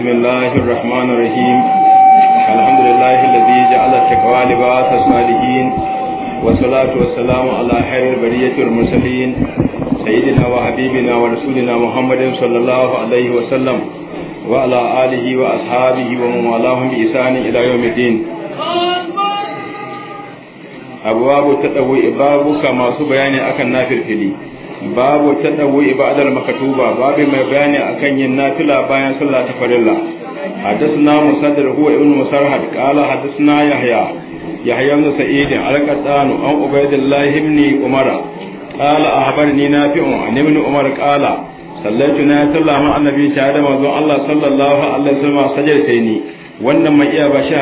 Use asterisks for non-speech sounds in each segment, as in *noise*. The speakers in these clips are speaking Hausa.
بسم الله الرحمن الرحيم الحمد لله الذي جعل التقوى لباس الصالحين والصلاة والسلام على خير البرية المرسلين سيدنا وحبيبنا ورسولنا محمد صلى الله عليه وسلم وعلى آله وأصحابه ومن والاهم بإحسان إلى يوم الدين أبواب التطوع باب كما سبيان أكن نافر فيه babu tadawu ibadar makatuba babu mai bayani akan yin nafila bayan sallah ta farilla حدثنا مسدد هو ابن مسرهد قال حدثنا يحيى يحيى بن سعيد القطان عن عبيد الله umar qala. قال اخبرني نافع عن ابن عمر قال صليت نافلة مع النبي تعالى منذ الله صلى الله عليه وسلم wannan mai iya ba shi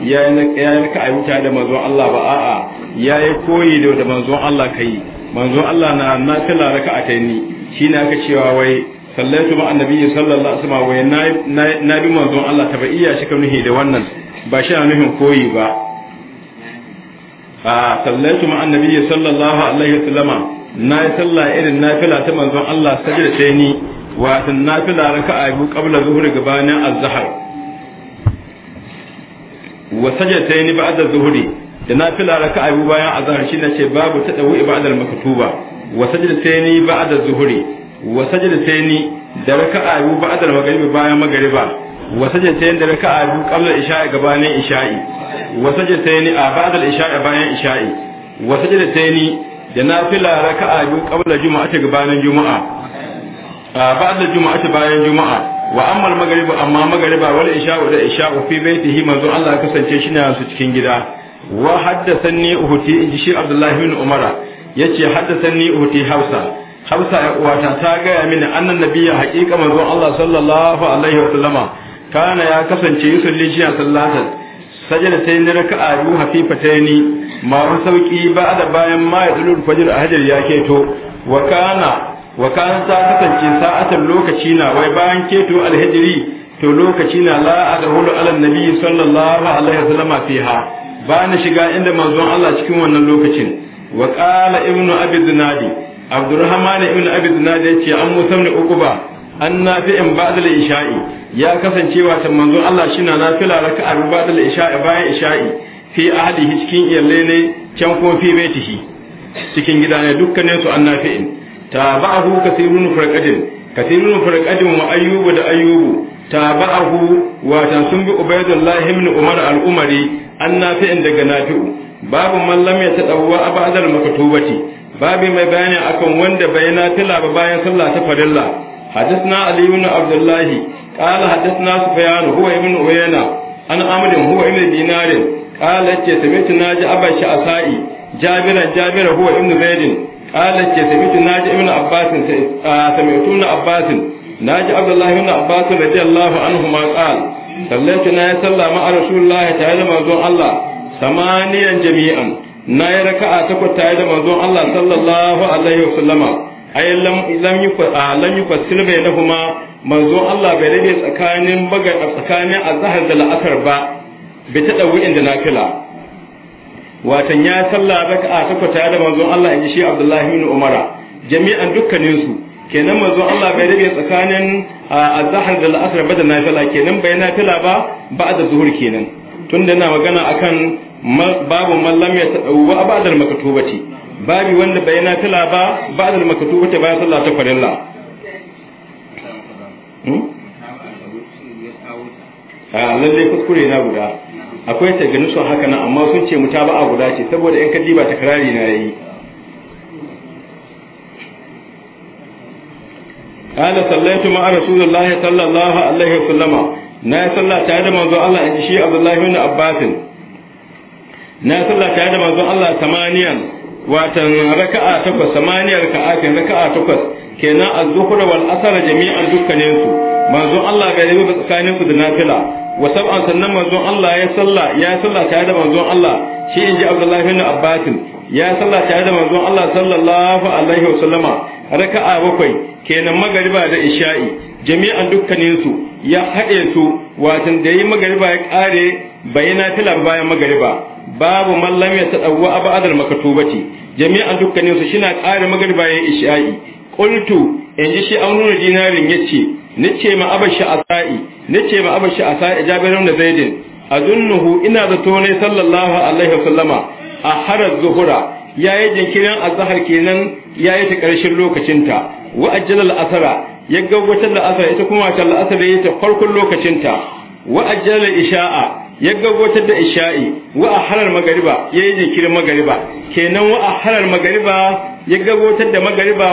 ya yi raka a wuta da manzon Allah ba a'a ya yi koyi da manzon Allah ka yi manzo Allah na a kai ni ne aka cewa wai sallaitu ma annabi sallallahu alaihi wasallam wai na bi manzo Allah iya shi ka nuhi da wannan ba shi na nuhin koyi ba a sallaitu ma annabi sallallahu alaihi wasallam na yi sallah irin nafila ta manzo Allah sajda sai ni wato nafila a yi qabla zuhri gabanin az-zahr wa sajda sai ni ba'da zuhri da na nafila raka'a biyu bayan azhar shi na ce babu ta tadawu ibadal maktuba wa sajdataini ba'da zuhri wa sajdataini da raka'a biyu ba'da magariba bayan maghriba wa sajdataini da raka'a biyu qabla isha'i gabanin isha'i wa sajdataini a ba'da isha'i bayan isha'i wa sajdataini da na nafila raka'a biyu qabla jumu'ati gabanin juma'a a ba'da jumu'ati bayan juma'a wa ammal magariba amma magariba wal isha'u da isha'u fi baitihi manzo Allah kasance shi ne su cikin gida wa haddathani uhti inji shi abdullahi bin umara yace haddathani uhti Hausa. Hausa ya uwata ta gaya mini annan nabiyya haqiqa manzon Allah sallallahu alaihi wa sallama kana ya kasance yusalli shi sallatan sajada ta yin raka'a biyu hafifataini ma wani sauki ba da bayan ma ya tsulur fajr a hajar ya keto wa kana wa kana ta kasance sa'atan lokaci na wai bayan keto alhijri to lokaci na la'a da hulu alannabi sallallahu alaihi wa sallama fiha Bani shiga inda manzon Allah cikin wannan lokacin wa qala ibnu abi dunadi abdurrahman ibnu abi dunadi yace an musa ibn uquba an in ba'da al-isha'i ya kasancewa ta manzon Allah shina nafila raka'a ba'da al-isha'i bayan isha'i fi ahlihi cikin iyalle ne can ko fi baitihi cikin gida ne dukkanin su an nafi'in tabahu kasirun farqadin kasirun farqadin wa ayyubu da ayyubu tabi'ahu watan sun bi ubaidullah ibn umar al-umari annafi'in daga nafi'u babu man lam yatadawwa abadal makatubati babu mai bayani akan wanda bai nafila ba bayan sallah ta farilla hadithna ali ibn abdullah qala hadithna sufyan huwa ibn uyayna an amadu huwa ibn dinar qala ce sabitu naji abashi asai جابر جابر هو ابن زيد قال لك سمعت ناجي ابن عباس سمعتون abbasin. naji abdullahi ibn abbas radiyallahu anhu ma qal sallaitu na ya sallama a rasulullah tare da manzon Allah samaniyan jami'an na yi raka'a takwas tare da manzon Allah sallallahu alaihi wasallama ay lam lam yufa lam yufa silbe lahuma manzon Allah bai rage tsakanin bagai tsakanin azhar da la'akar ba bai ta dawu inda kila watan ya ka ta takwas tare da manzon Allah in shi Abdullahi ibn Umara jami'an dukkaninsu kenan mazo Allah bai rabe tsakanin azhar da al'asr ba na nafila kenan bai nafila ba ba da zuhur kenan tunda ina magana akan babu mallam ya tadawwa ba'da da makatubati babu wanda bai nafila ba ba da makatubati bayan sallah ta farilla hmm? a lalle kuskure na guda akwai ta ganin su haka nan amma sun ce mutaba'a guda ce saboda in ka diba takrari na yi. قال صليت مع رسول الله صلى الله عليه وسلم na sallah tare da manzon Allah in shi Abdullahi ibn Abbas na sallah tare da manzon Allah samaniyan watan raka'a takwas samaniyar raka'a ke raka'a takwas kenan az-zuhr wal asr jami'an dukkanin su Allah ga rabi tsakanin su da fila. wa sab'an sannan manzon Allah ya salla ya salla tare da manzon Allah shi in ji Abdullahi bin Abbas ya salla tare da manzon Allah sallallahu alaihi wa sallama raka'a bakwai kenan magariba da isha'i jami'an dukkanin su ya haɗe su watan da yi magariba ya kare bayyana tilar bayan magariba babu mallam ya tadawwa abadal makatubati jami'an dukkanin su shina kare magariba ya isha'i qultu in ji shi amrun dinarin yace nace ma abashi asai nace ma abashi asai jabir ibn zaidin azunnuhu ina da ne sallallahu alaihi wasallama a harar zuhura yayi jinkirin azhar kenan yayi ta karshen lokacinta wa ajjalal asara ya gaggautar da asar ita kuma ta al'asar yayi ta farkon lokacinta wa ajjalal isha'a ya gabatar da isha'i wa a halar magariba ya yi jinkirin magariba kenan wa a halar magariba ya gabatar da magariba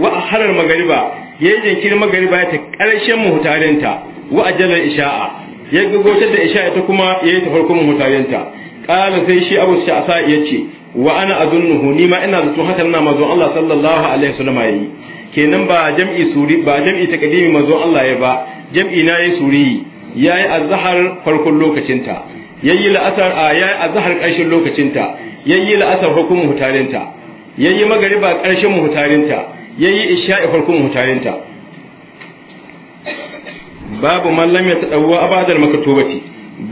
wa a halar magariba ya yi jinkirin magariba ya ta ƙarshen muhutarinta wa a jalar isha'a ya gabatar da isha'i ta kuma ya yi ta farkon muhutarinta ƙala sai shi abu sha'asa ya ce wa ana azunnuhu ni ma ina zato hakan na mazo Allah sallallahu alaihi wasallam yi. kenan ba jam'i suri ba jam'i takdimi Allah ya ba jam'i na yi suri yayi azhar farkon lokacinta yayi la'asar a yayi azhar ƙarshen lokacinta yayi la'asar hukumin Ya yayi magariba ƙarshen Ya yayi isha'i farkon hutarinta babu man lam yatadawwa abadal makatobati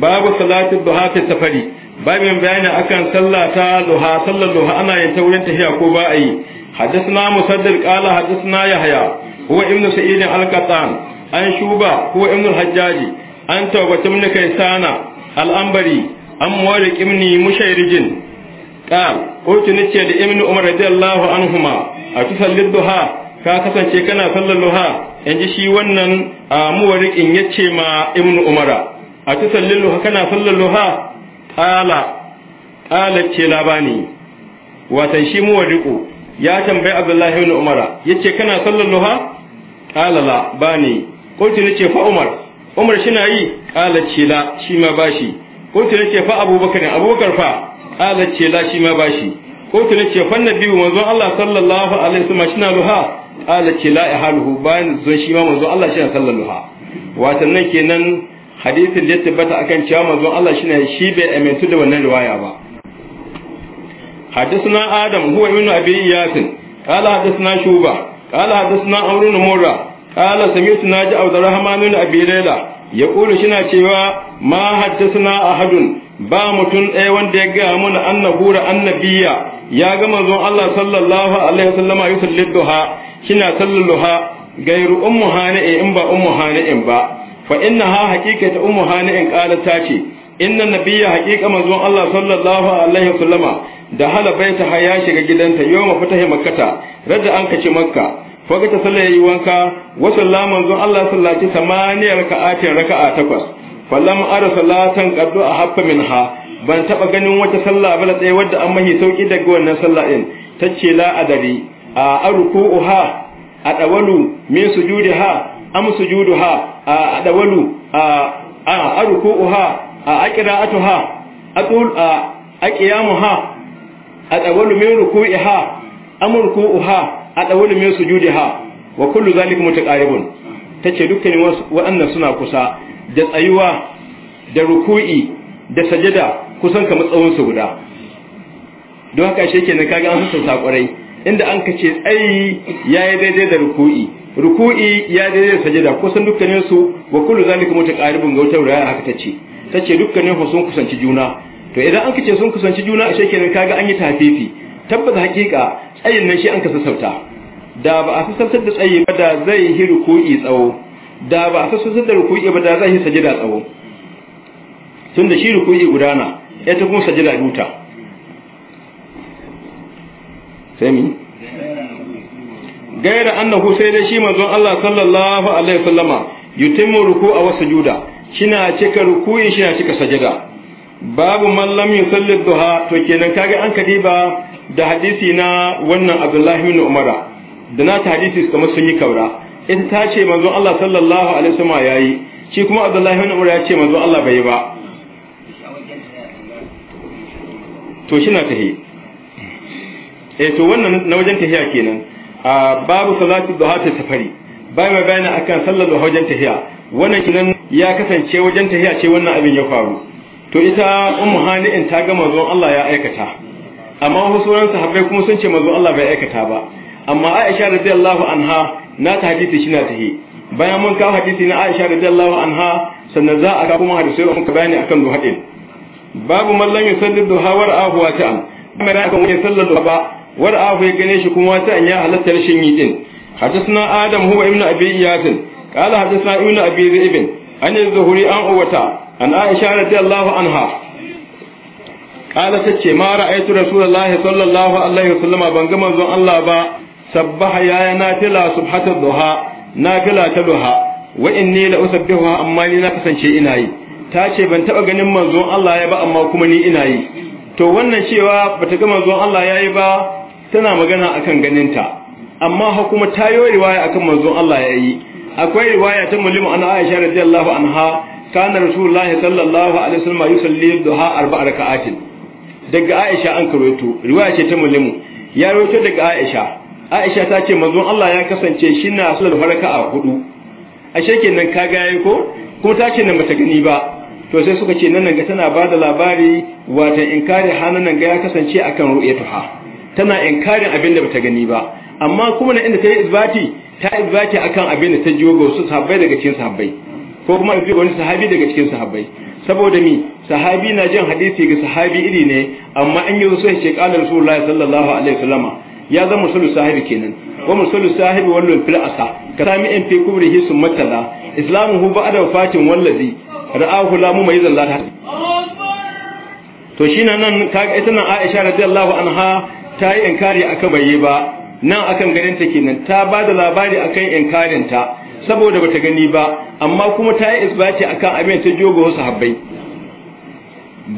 babu salatu duha fi safari babin bayani akan sallah ta duha sallar duha ana yin ta wurin tafiya ko ba a yi qala مسدد قال حدثنا يحيى هو ابن al القطان an shuba هو ابن Hajjaji. an tawbata ibn kai al-anbari an muwarik ibn mushayrijin qal ne nace da ibnu umar radiyallahu anhuma a tusalli duha ka kasance kana sallar duha yanzu shi wannan muwarikin yace ma ibnu umara a tusalli duha kana sallar duha qala qala ce labani watan shi muwariku ya tambayi abdullahi ibnu umara yace kana sallar duha qala la bani ne nace fa umar umar shi na yi kala ce la shi ma bashi ko na ce fa abubakar abubakar fa kala ce la shi ma bashi ko na ce fan nabi manzon Allah sallallahu alaihi wasallam shi na luha kala ce la ihaluhu bayan zon shi ma manzon Allah shi na sallallahu watan nan kenan hadisin da ya tabbata akan cewa manzon Allah shi na shi bai amintu da wannan riwaya ba حدثنا آدم هو ابن أبي ياسين قال حدثنا شوبة قال حدثنا عمرو بن مرة qala sami'tu naji abdurrahman ibn abi layla ya kula shina cewa mahaddasana a ahadun ba mutum ɗaya wanda ya gaya mana annahu ra annabiya ya ga manzon Allah sallallahu alaihi wasallama yusalli duha shina Sallalluha. gairu ummu hani'in in ba ummu hani'in ba fa innaha haqiqata ummu hani'in qalat ta ce inna nabiyya haqiqa manzon Allah sallallahu alaihi wasallama da hala baita ya shiga gidanta yawma fatahi makkata radda an kace makka faga ta sallah yayi wanka wa sallama manzon Allah sallaci samaniyar raka'atin raka'a takwas fallam ara salatan qaddu a haffa minha ban taba ganin wata sallah bala tsaye wadda an mahi sauki daga wannan sallah din tace la adari a arku'uha a dawalu min sujudiha am sujuduha a dawalu a a arku'uha a aqira'atuha aqul a aqiyamuha a dawalu min ruku'iha ha. A adawul min ha wa kullu zalika mutaqaribun tace dukkanin waɗannan suna kusa da tsayuwa da ruku'i da sajada kusan kamar tsawon su guda don haka shi kenan kaga an sassa kwarai inda an kace tsayi yayi daidai da ruku'i ruku'i ya daidai da sajada kusan dukkanin su wa kullu zalika mutaqaribun ga wutar raya haka tace tace dukkanin su sun kusanci juna to idan an kace sun kusanci juna shi kenan kaga an yi tafifi tabbata hakika tsayin nan shi an kasa sauta da ba a sassantar da tsaye ba da zai yi ruku'i tsawo da ba a sassantar da ruku'i ba da zai yi sajida tsawo tun da shi ruku'i gudana ya ta kuma sajida duta sai mi gaira annahu sai dai shi manzon Allah sallallahu alaihi wasallama yutimmu ruku'a wa sujuda kina cika ruku'i shina cika sajida babu man lam yusalli duha to kenan kage an kadiba da hadisi na wannan Abdullahi bin Umara da na ta hadisi kamar sun yi kaura ita ta ce manzo Allah sallallahu alaihi wasallam yayi shi kuma Abdullahi ibn Umar ya ce manzo Allah bai yi ba to shi na tahi eh to wannan na wajen tahiya kenan babu salatu duha ta safari bai mai bayani akan sallar duha wajen tahiya wannan kinan ya kasance wajen tahiya ce wannan abin ya faru to ita ummu in ta ga manzo Allah ya aikata amma wasu sauran sahabbai kuma sun ce manzo Allah bai aikata ba amma Aisha radiyallahu anha na ta hadisi shi na tahi bayan mun kawo hadisi na Aisha radiyallahu anha sannan za a ga kuma hadisi da muka bayani akan din babu mallan ya sallar duha war ahu wa ta'am kuma da kan wani sallar duha ba war ahu ya gane shi kuma ta ya halatta rashin yi din hadisna adam huwa ibnu abi yasin qala hadisna ibnu abi zaibin an zuhuri an uwata an Aisha radiyallahu anha عنها قالت ce ma ra'aytu rasulullahi sallallahu alaihi wasallama ban ga manzon Allah ba sabbaha ya nafila subhatar duha gala ta duha wa inni la usabbihuha amma ni na kasance ina yi ta ce ban taba ganin manzon Allah ya ba amma kuma ni ina yi to wannan cewa ba ta ga manzon Allah ya yi ba tana magana akan ganinta amma ha kuma ta yi riwaya akan manzon Allah ya yi? akwai riwaya ta mulimu an Aisha radiyallahu anha kana rasulullahi sallallahu alaihi wasallam yusalli duha arba'a raka'atin daga Aisha an karoto riwaya ce ta mulimu ya rawaito daga Aisha Aisha ta ce manzon Allah ya kasance shi na sallar farka a hudu ashe kenan ka gaye ko kuma ta ce nan bata gani ba to sai suka ce nan ga tana bada labari wata inkari nan ga ya kasance akan ha, tana inkarin abin da bata gani ba amma kuma na inda ta yi isbati ta isbati akan abin da ta jiwo ga wasu sahabbai daga cikin sahabbai ko kuma ga wani sahabi daga cikin sahabbai saboda mi sahabi na jin hadisi ga sahabi iri ne amma an yi wasu ya ce qala rasulullahi sallallahu alaihi wasallama ya zama musulu sahibi kenan wa musulu sahibi wallo fil asa ka sami an fi islamu hu islamuhu da fatin wallazi ra'ahu la mumayizan la to shine nan kaga ita nan Aisha radiyallahu anha ta yi inkari akan baye ba nan akan ganin ta kenan ta ba da labari akan inkarin ta saboda bata gani ba amma kuma ta yi isbati akan abin ta jogo wasu habbai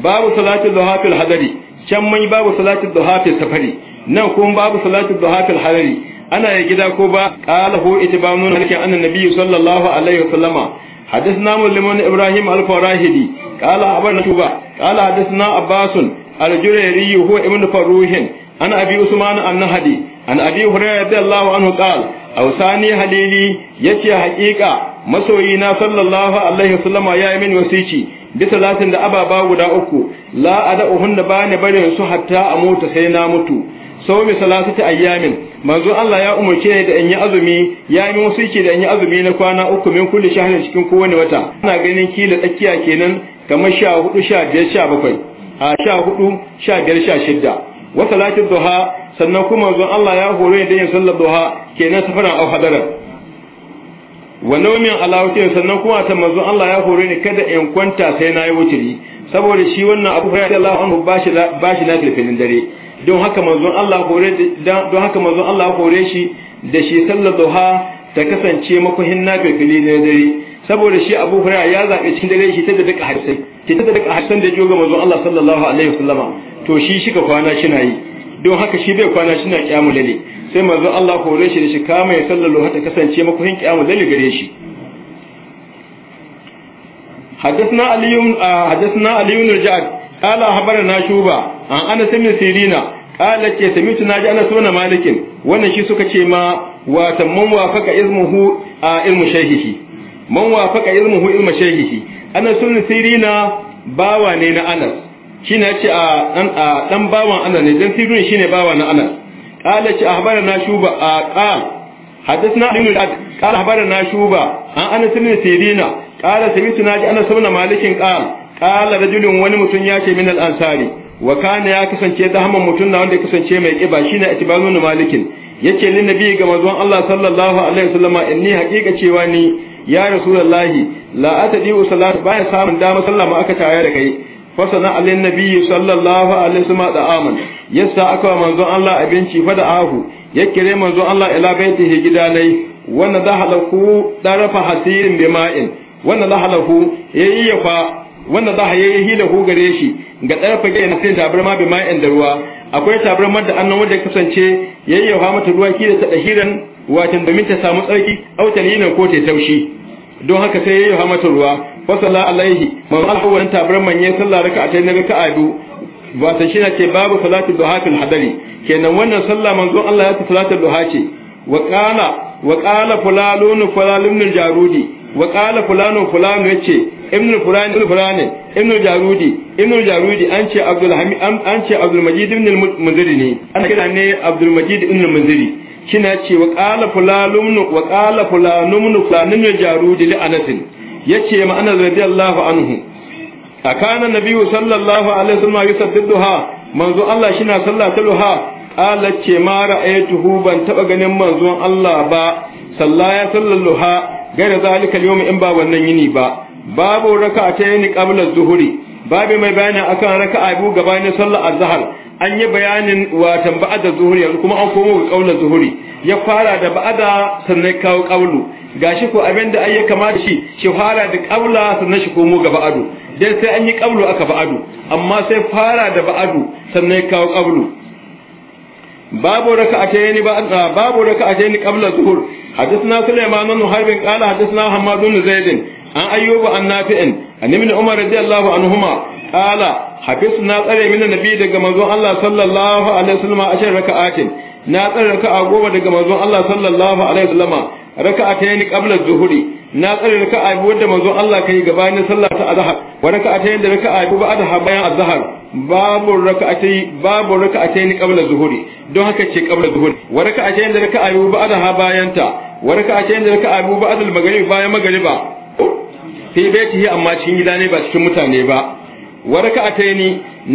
babu salatu duha fil hadari can mai babu salatu duha fil safari nan kun babu salatu da fil harari ana ya gida ko ba qala hu itibanu nake anna nabiyyu sallallahu alaihi wa sallama. wasallama hadithna mulliman ibrahim al kala abar abana tuba kala hadithna abbasun al jureri huwa ibn faruhin ana abi usman an nahadi an abi hurairah radiyallahu anhu qala awsani halili yace haqiqa masoyina sallallahu alaihi wa sallama ya yi min wasici bi salatin da ababa guda uku la ada uhun da bani bare su hatta a mutu sai na mutu sawmi salasati ayyamin manzo Allah ya umarce ni da in yi azumi ya yi wasu da in yi azumi na kwana uku min kulli shahrin cikin kowane wata ana ganin kila tsakiya kenan kamar sha hudu sha biyar sha bakwai a sha hudu sha biyar sha shidda wa salatin duha sannan kuma manzo Allah ya hore da yin sallar duha kenan safaran au hadaran wa naumin alawutin sannan kuma ta manzo Allah ya hore ni kada in kwanta sai na yi wuturi saboda shi wannan abu hurairah Allah anhu bashi bashi na filfilin dare don haka manzon Allah kore don haka manzon Allah kore shi da shi sallar duha ta kasance makuhin nafilfili na dare saboda shi Abu Hurairah ya zabe cikin dare shi ta da duka harsai ki ta da duka hadisan da jiyo ga manzon Allah sallallahu alaihi wasallama to shi shika kwana na yi don haka shi bai kwana shi na kiyamu lalle sai manzon Allah kore shi da shi kama ya sallar duha ta kasance makuhin kiyamu lalle gare shi حدثنا علي حدثنا علي بن الجعد qala na shuba an ana sami sirina qala ce samitu naji ana sunna malikin wannan shi suka ce ma watan man wafaka ilmuhu a ilmu shahihi man wafaka ilmuhu ilmu shahihi ana sunna sirina bawa ne na anas shi ne ce a dan bawan anas ne dan shi ne bawa na anas qala ce na shuba a qala حدثنا ابن الأد قال أخبرنا شوبة عن أنس بن سيرين قال سمعت ناجي ana بن malikin قال qala rajulun wani mutum ya ce min al ansari wa kana ya kasance da hamman mutum na wanda ya kasance mai kiba shine atibarun malikin yace lin nabi ga manzon Allah sallallahu alaihi wasallama inni haqiqa cewa ni ya rasulullahi la atadi salatu baya samun dama sallama aka tare da kai fasana alin nabi sallallahu alaihi wasallam da aman yasa aka wa manzon Allah abinci fa da ahu ya kire manzon Allah ila baitihi gidanai wannan da halaku darafa hasirin bima'in wannan da halaku yayi ya fa wanda za a yi hila ko gare shi ga tsara fage na sai tabarma bi ma'in da ruwa akwai tabarma da annan wanda ya kasance yayyawa mata ruwa kila ta dahiran wato domin ta samu tsarki au talina ko ta taushi don haka sai yayyawa mata ruwa fa sallallahu alaihi man alhu wa tabarman ya sallah raka'a ta na raka'a biyu watan shi ce babu salatu duha fil hadari kenan wannan sallah manzo Allah ya ta salatu duha ce wa qala wa qala fulalun fulalun jarudi wa qala fulanu fulanu yace ibnu furani ibnu furani ibnu jarudi ibnu jarudi an ce abdul hamid an ce abdul majid ibn al-munziri ne an kira ne abdul majid ibn al-munziri kina ce wa qala fulanun wa qala fulanun fulanun jarudi li anas yace ma anas radiyallahu anhu akana nabiyyu sallallahu alaihi wasallam yusaddiduha manzo Allah shina sallah taluha ala ce ma ra'aytuhu ban taba ganin manzon Allah ba sallaya sallallahu gaira zalika al in ba wannan yini ba babu raka'atayn qabla az zuhuri babu mai bayani akan raka'a biyu gabanin sallar azhar an yi bayanin watan ba'ada zuhuri yanzu kuma an komo ga kaular zuhuri ya fara da ba'ada sannan kawo kaulu gashi ko abin da ayyuka kamata shi shi fara da kaula sannan shi komo ga ba'adu dan sai an yi kaulu aka ba'adu amma sai fara da ba'adu sannan kawo kaulu babu raka'atayn ah, babu ni qabla zuhur حدثنا سليمان بن حرب قال حدثنا حماد بن زيد an ayyuba an nafi'in an ibn umar radiyallahu anhuma qala hafiz na tsare min nabi daga manzon Allah sallallahu alaihi wasallam a raka raka'atin na tsare raka'a goma daga manzon Allah sallallahu alaihi Raka wasallam raka'atayn qabla zuhuri na tsare raka'a biyu wadda manzon Allah yi kai gabanin sallata ta azhar wa raka'atayn da raka a biyu ba'da bayan a zahar. babu raka'atay babu raka'atayn qabla zuhuri don haka ce qabla zuhuri wa raka'atayn da raka a biyu ba'da bayanta wa raka'atayn da a biyu ba'da al-maghrib bayan maghriba fi baitihi amma cikin gida ne ba cikin mutane ba wa raka'ataini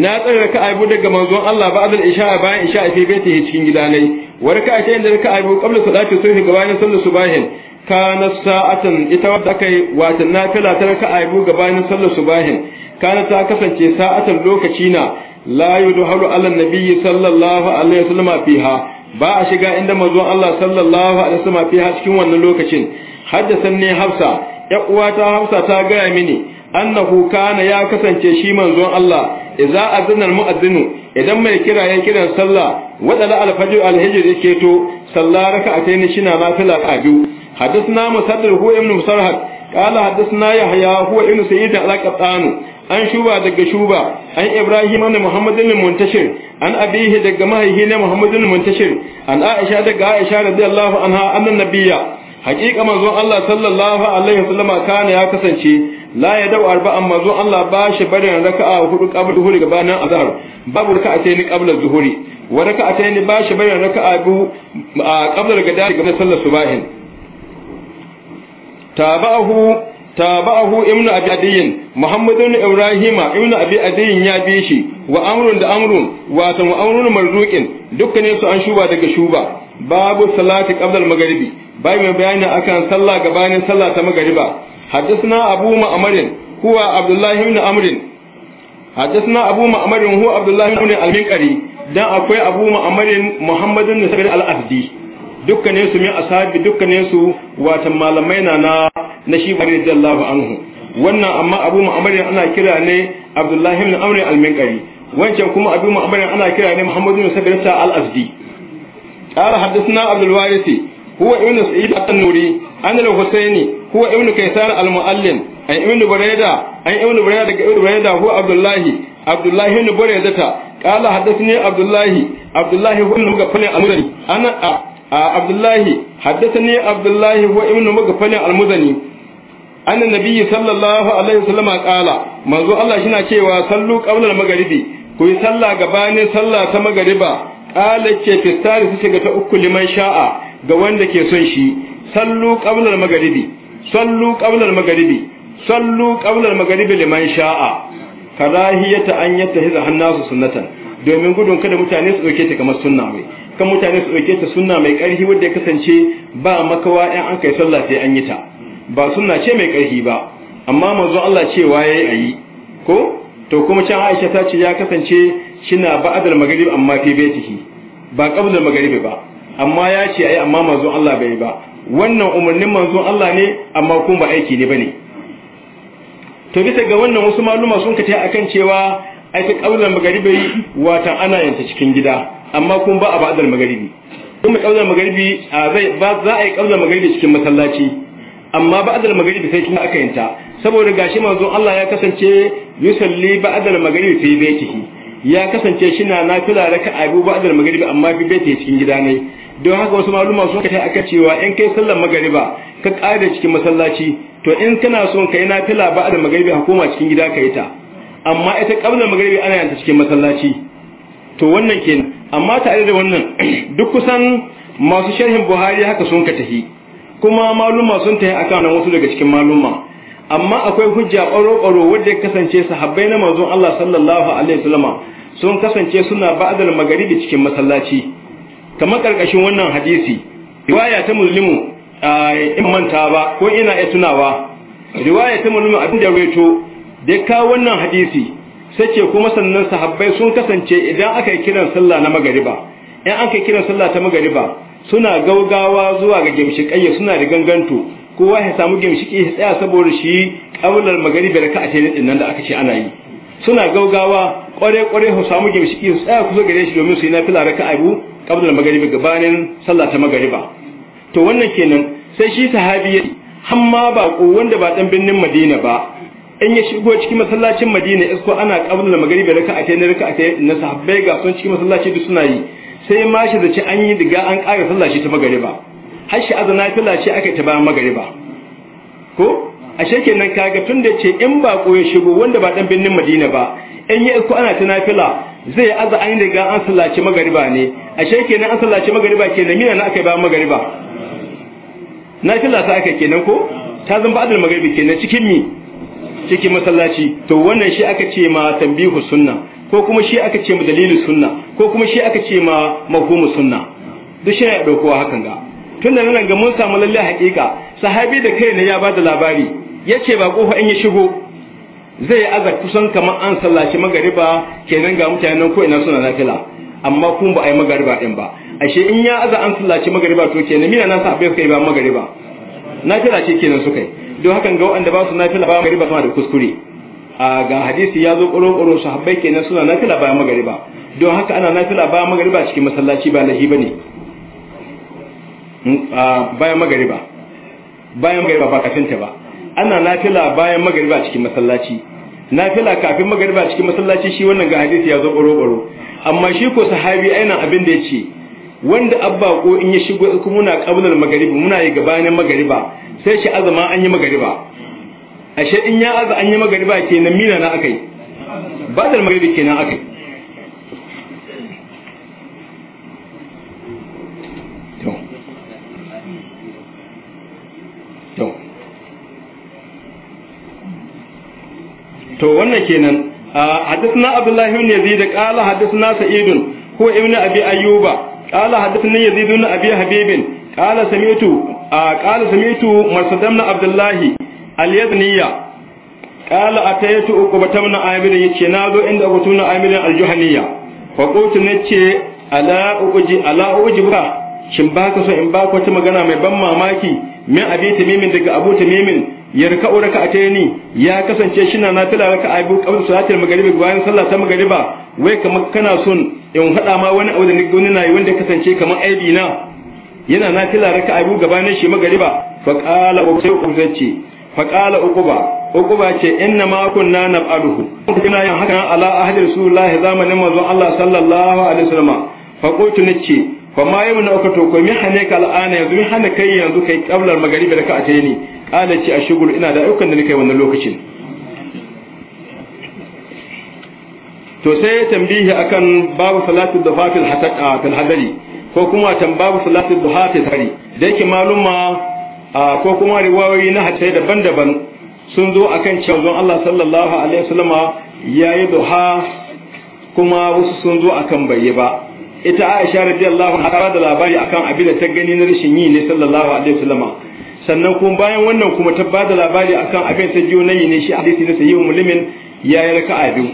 na tsara raka'a bu daga manzon Allah ba azal isha bayan isha fi baitihi cikin gida ne wa raka'ataini da raka'a bu qabla salati subhi gabanin sallar subahin kana sa'atan ita wadda kai wata nafila ta raka'a bu gabanin sallar subahin kana ta kasance sa'atan lokaci na la yudhalu ala nabiyyi sallallahu alaihi wasallam fiha ba a shiga inda manzon Allah sallallahu alaihi wasallam fiha cikin wannan lokacin haddasan ne Hafsa ya uwata hausa ta gaya mini annahu kana ya kasance shi manzon Allah idza azana almu'adhdhinu idan mai kira ya kiran sallah wadala alfajr alhijr yake to sallah raka'atayn shina nafila a biyu hadathna musaddir hu ibn musarhad qala hadathna yahya hu ibn sayyid al an shuba daga shuba an ibrahim muhammad ibn muntashir an abihi daga mahaihi ne ibn muntashir an aisha daga aisha radiyallahu anha annan nabiyya haƙiƙa manzon Allah sallallahu alaihi wasallama kana ya kasance la ya dau arba'an manzon Allah ba shi barin raka'a hudu qabl zuhuri gabanin azhar babu raka'a sai ni qabla zuhuri wa raka'a sai ni ba shi barin raka'a bu qabla gada gabanin sallar subahin tabahu tabahu ibnu abi adiyin muhammadu ibn ibrahima ibnu abi adiyin ya bi shi wa amrun da amrun wa wa amrun marzuqin dukkanin su an shuba daga shuba babu salati qabla al-maghribi bai mai bayani akan sallah gabanin sallah ta magariba haddathana abu ma'mar huwa abdullahi ibn amrin. haddathana abu ma'mar huwa abdullahi ibn al-minqari dan akwai abu ma'mar muhammadun nasir al-abdi dukkanin su min ashabi dukkanin su wata malamai na na na shi bari radiyallahu anhu wannan amma abu mu'amar ana kira ne abdullahi ibn amrin al-minqari wancan kuma abu mu'amar ana kira ne muhammad ibn sabrata al-azdi قال حدثنا عبد الوارث هو ابن سعيد النوري عن الحسيني هو ابن كيسان المؤلم عن ابن بريدة عن ابن بريدة ابن بريدة هو عبد الله عبد الله ابن بريدة قال حدثني عبد الله عبد الله هو ابن مغفل المدني أنا عبد الله حدثني عبد الله هو ابن مغفل المدني أن النبي صلى الله عليه وسلم قال ما زو الله شنا كيوا صلوا قبل المغرب كوي صلى غباني صلى ta magariba قال ce fi tsari su shiga ta شاء ga wanda ke son shi sallu qablal magribi sallu qablal magribi sallu qablal magribi liman sha'a karahiyata an yattahiza hannasu sunnatan domin gudun kada mutane su dauke ta kamar sunna mai kan mutane su dauke ta sunna mai karhi wanda ya kasance ba makawa in an kai sallah sai an yi ta ba sunna ce mai karhi ba amma manzo Allah cewa yayi ayi ko to kuma can Aisha ta ce ya kasance kina ba'dal maghrib amma fi baitihi ba qabla magaribi ba amma ya ce ai amma manzo Allah bai ba wannan umarnin manzo Allah ne amma kuma ba aiki ne bane to bisa ga wannan wasu maluma sun kace akan cewa ai ta kaulan magaribi wata ana yanta cikin gida amma kuma ba a ba'dal magaribi kuma kaulan magaribi zai ba za a yi kaulan magaribi cikin masallaci amma ba'dal magaribi sai kuma aka yanta saboda gashi manzo Allah ya kasance yusalli ba'dal magaribi fi baitihi ya kasance shi na nafila raka'a biyu ba'dal magaribi amma fi baitihi cikin gida ne don haka wasu maluma sun kai aka cewa in kai sallar magariba ka ƙare cikin masallaci to in kana son kai fila ba da magariba a koma cikin gida ka yi ta amma ita kabla magariba ana yanta cikin masallaci to wannan kenan amma tare da wannan *clears throat* duk kusan masu sharhin Buhari haka sun ka tahi kuma maluma sun tafi akan nan wasu daga cikin maluma amma akwai hujja ƙwaro-ƙwaro, wanda ya kasance sahabbai na manzon Allah sallallahu alaihi wasallama sun kasance suna ba'dal magaribi cikin masallaci kamar karkashin wannan hadisi riwaya ta muslimu in manta ba ko ina ya tunawa riwaya ta muslimu abin da waito da ka wannan hadisi sace kuma sannan sahabbai sun kasance idan aka yi kiran sallah na magariba in aka yi kiran sallah ta magariba suna gaugawa zuwa ga gimshiƙayya suna da ganganto kowa ya samu gimshiƙi ya tsaya saboda shi ƙaunar magariba da ka a ne nan da aka ce ana yi suna gaugawa kware kware su samu gimshiƙi su tsaya kusa gare shi domin su yi nafila raka'a biyu qabla al gabanin sallah ta magariba. to wannan kenan sai shi sahabi ya hamma ba ko wanda ba dan binnin Madina ba in ya shigo cikin masallacin Madina isko ana qabla al-maghrib raka'a na raka'a na sahabbai ga sun cikin masallaci duk suna yi sai ma shi da ci an yi diga an ƙara sallah shi ta magariba. har shi azana fila ce aka ta bayan magariba ko ashe kenan kaga tun da ce in ba ya shigo wanda ba dan birnin Madina ba in ya iko ana ta nafila zai aza an riga an sallaci magariba ne ashe kenan an sallaci magariba kenan mina na aka yi magariba na killa sa aka kenan ko ta zan ba adal magaribi kenan cikin mi cikin masallaci to wannan shi aka ce ma tambihu sunna ko kuma shi aka ce ma dalilu sunna ko kuma shi aka ce ma mafhumu sunna duk shi ya dauko hakan ga Tunda da nan ga mun samu lalle hakika sahabi da kai ne ya ba da labari yace ba kofa in ya shigo zai aza kusan kamar an sallaci magariba kenan ga mutanen ko ina suna nafila amma kun ba a yi magariba din ba ashe in ya aza an sallaci magariba to kenan mina nan sahabbai suka yi ba magariba nafila ce kenan suka yi don hakan ga wanda ba su nafila ba magariba kuma da kuskure A ga hadisi ya zo ƙoro ƙoro sahabbai kenan suna nafila bayan magariba don haka ana nafila bayan magariba cikin masallaci ba lahi bane hmm, bayan magariba bayan magariba ba kafinta ba ana nafila bayan magariba cikin masallaci Na fila kafin magariba cikin masallaci shi wannan ga hadisi ya zo baro baro amma shi ko sahabi aina abin da ce wanda abba ko in ya shigo kuma muna kabilar magariba muna yi gabanin magariba sai shi azama an yi magariba ashe in ya aza an yi magariba kenan mina na akai ba da magariba kenan akai To wannan kenan, hadas na Abdullahi na Yanaidu, ƙa na hadas Sa'idu ko Ibrahim na Abiyyi Ayuba, ƙa na hadas na Yanaidu na Abiyyi Habibin, Samitu na Abdullahi Aliyev na Niyya, ƙa na Atayatu uku batam na inda na kutu na Amiru na Aljuhaniya, waƙo tuni ce a la uku ji shin ba ka so in ba wata magana mai ban mamaki min abi tamimin daga abu tamimin yarka uraka ni? ya kasance shi na nafila raka abu qabl salatul maghribi bayan sallah ta Magariba? wai kamar kana son in hada ma wani abu da ni nayi wanda kasance kamar aibi na yana nafila raka abu gabanin shi magariba fa qala ubay zace fa qala uquba uquba ce inna ma kunna nab'aluhu kuna yin haka ala ahli rasulullahi zamanin manzon Allah sallallahu alaihi wasallam fa qultu nace fa ma yau na uka to ko mi hane ka al'ana yanzu mi hane kai yanzu kai kablar magariba da ka a tayi ni kala ce a shugul ina da ayyukan da nake wannan lokacin to sai ya tambihi akan babu salatu da fafil hasaqa fil hadari ko kuma tan babu salatu da hafi hadari da yake maluma ko kuma riwayoyi na hadari daban-daban sun zo akan cewa Allah sallallahu alaihi wasallama yayi duha kuma wasu sun zo akan bayye ba ita Aisha radiyallahu anha ta da labari akan abin da ta gani na rashin yi ne sallallahu alaihi wasallama sannan kuma bayan wannan kuma ta bada labari akan abin ta jiyo yi ne shi hadisi na sayyihu mulmin ya yi raka'a biyu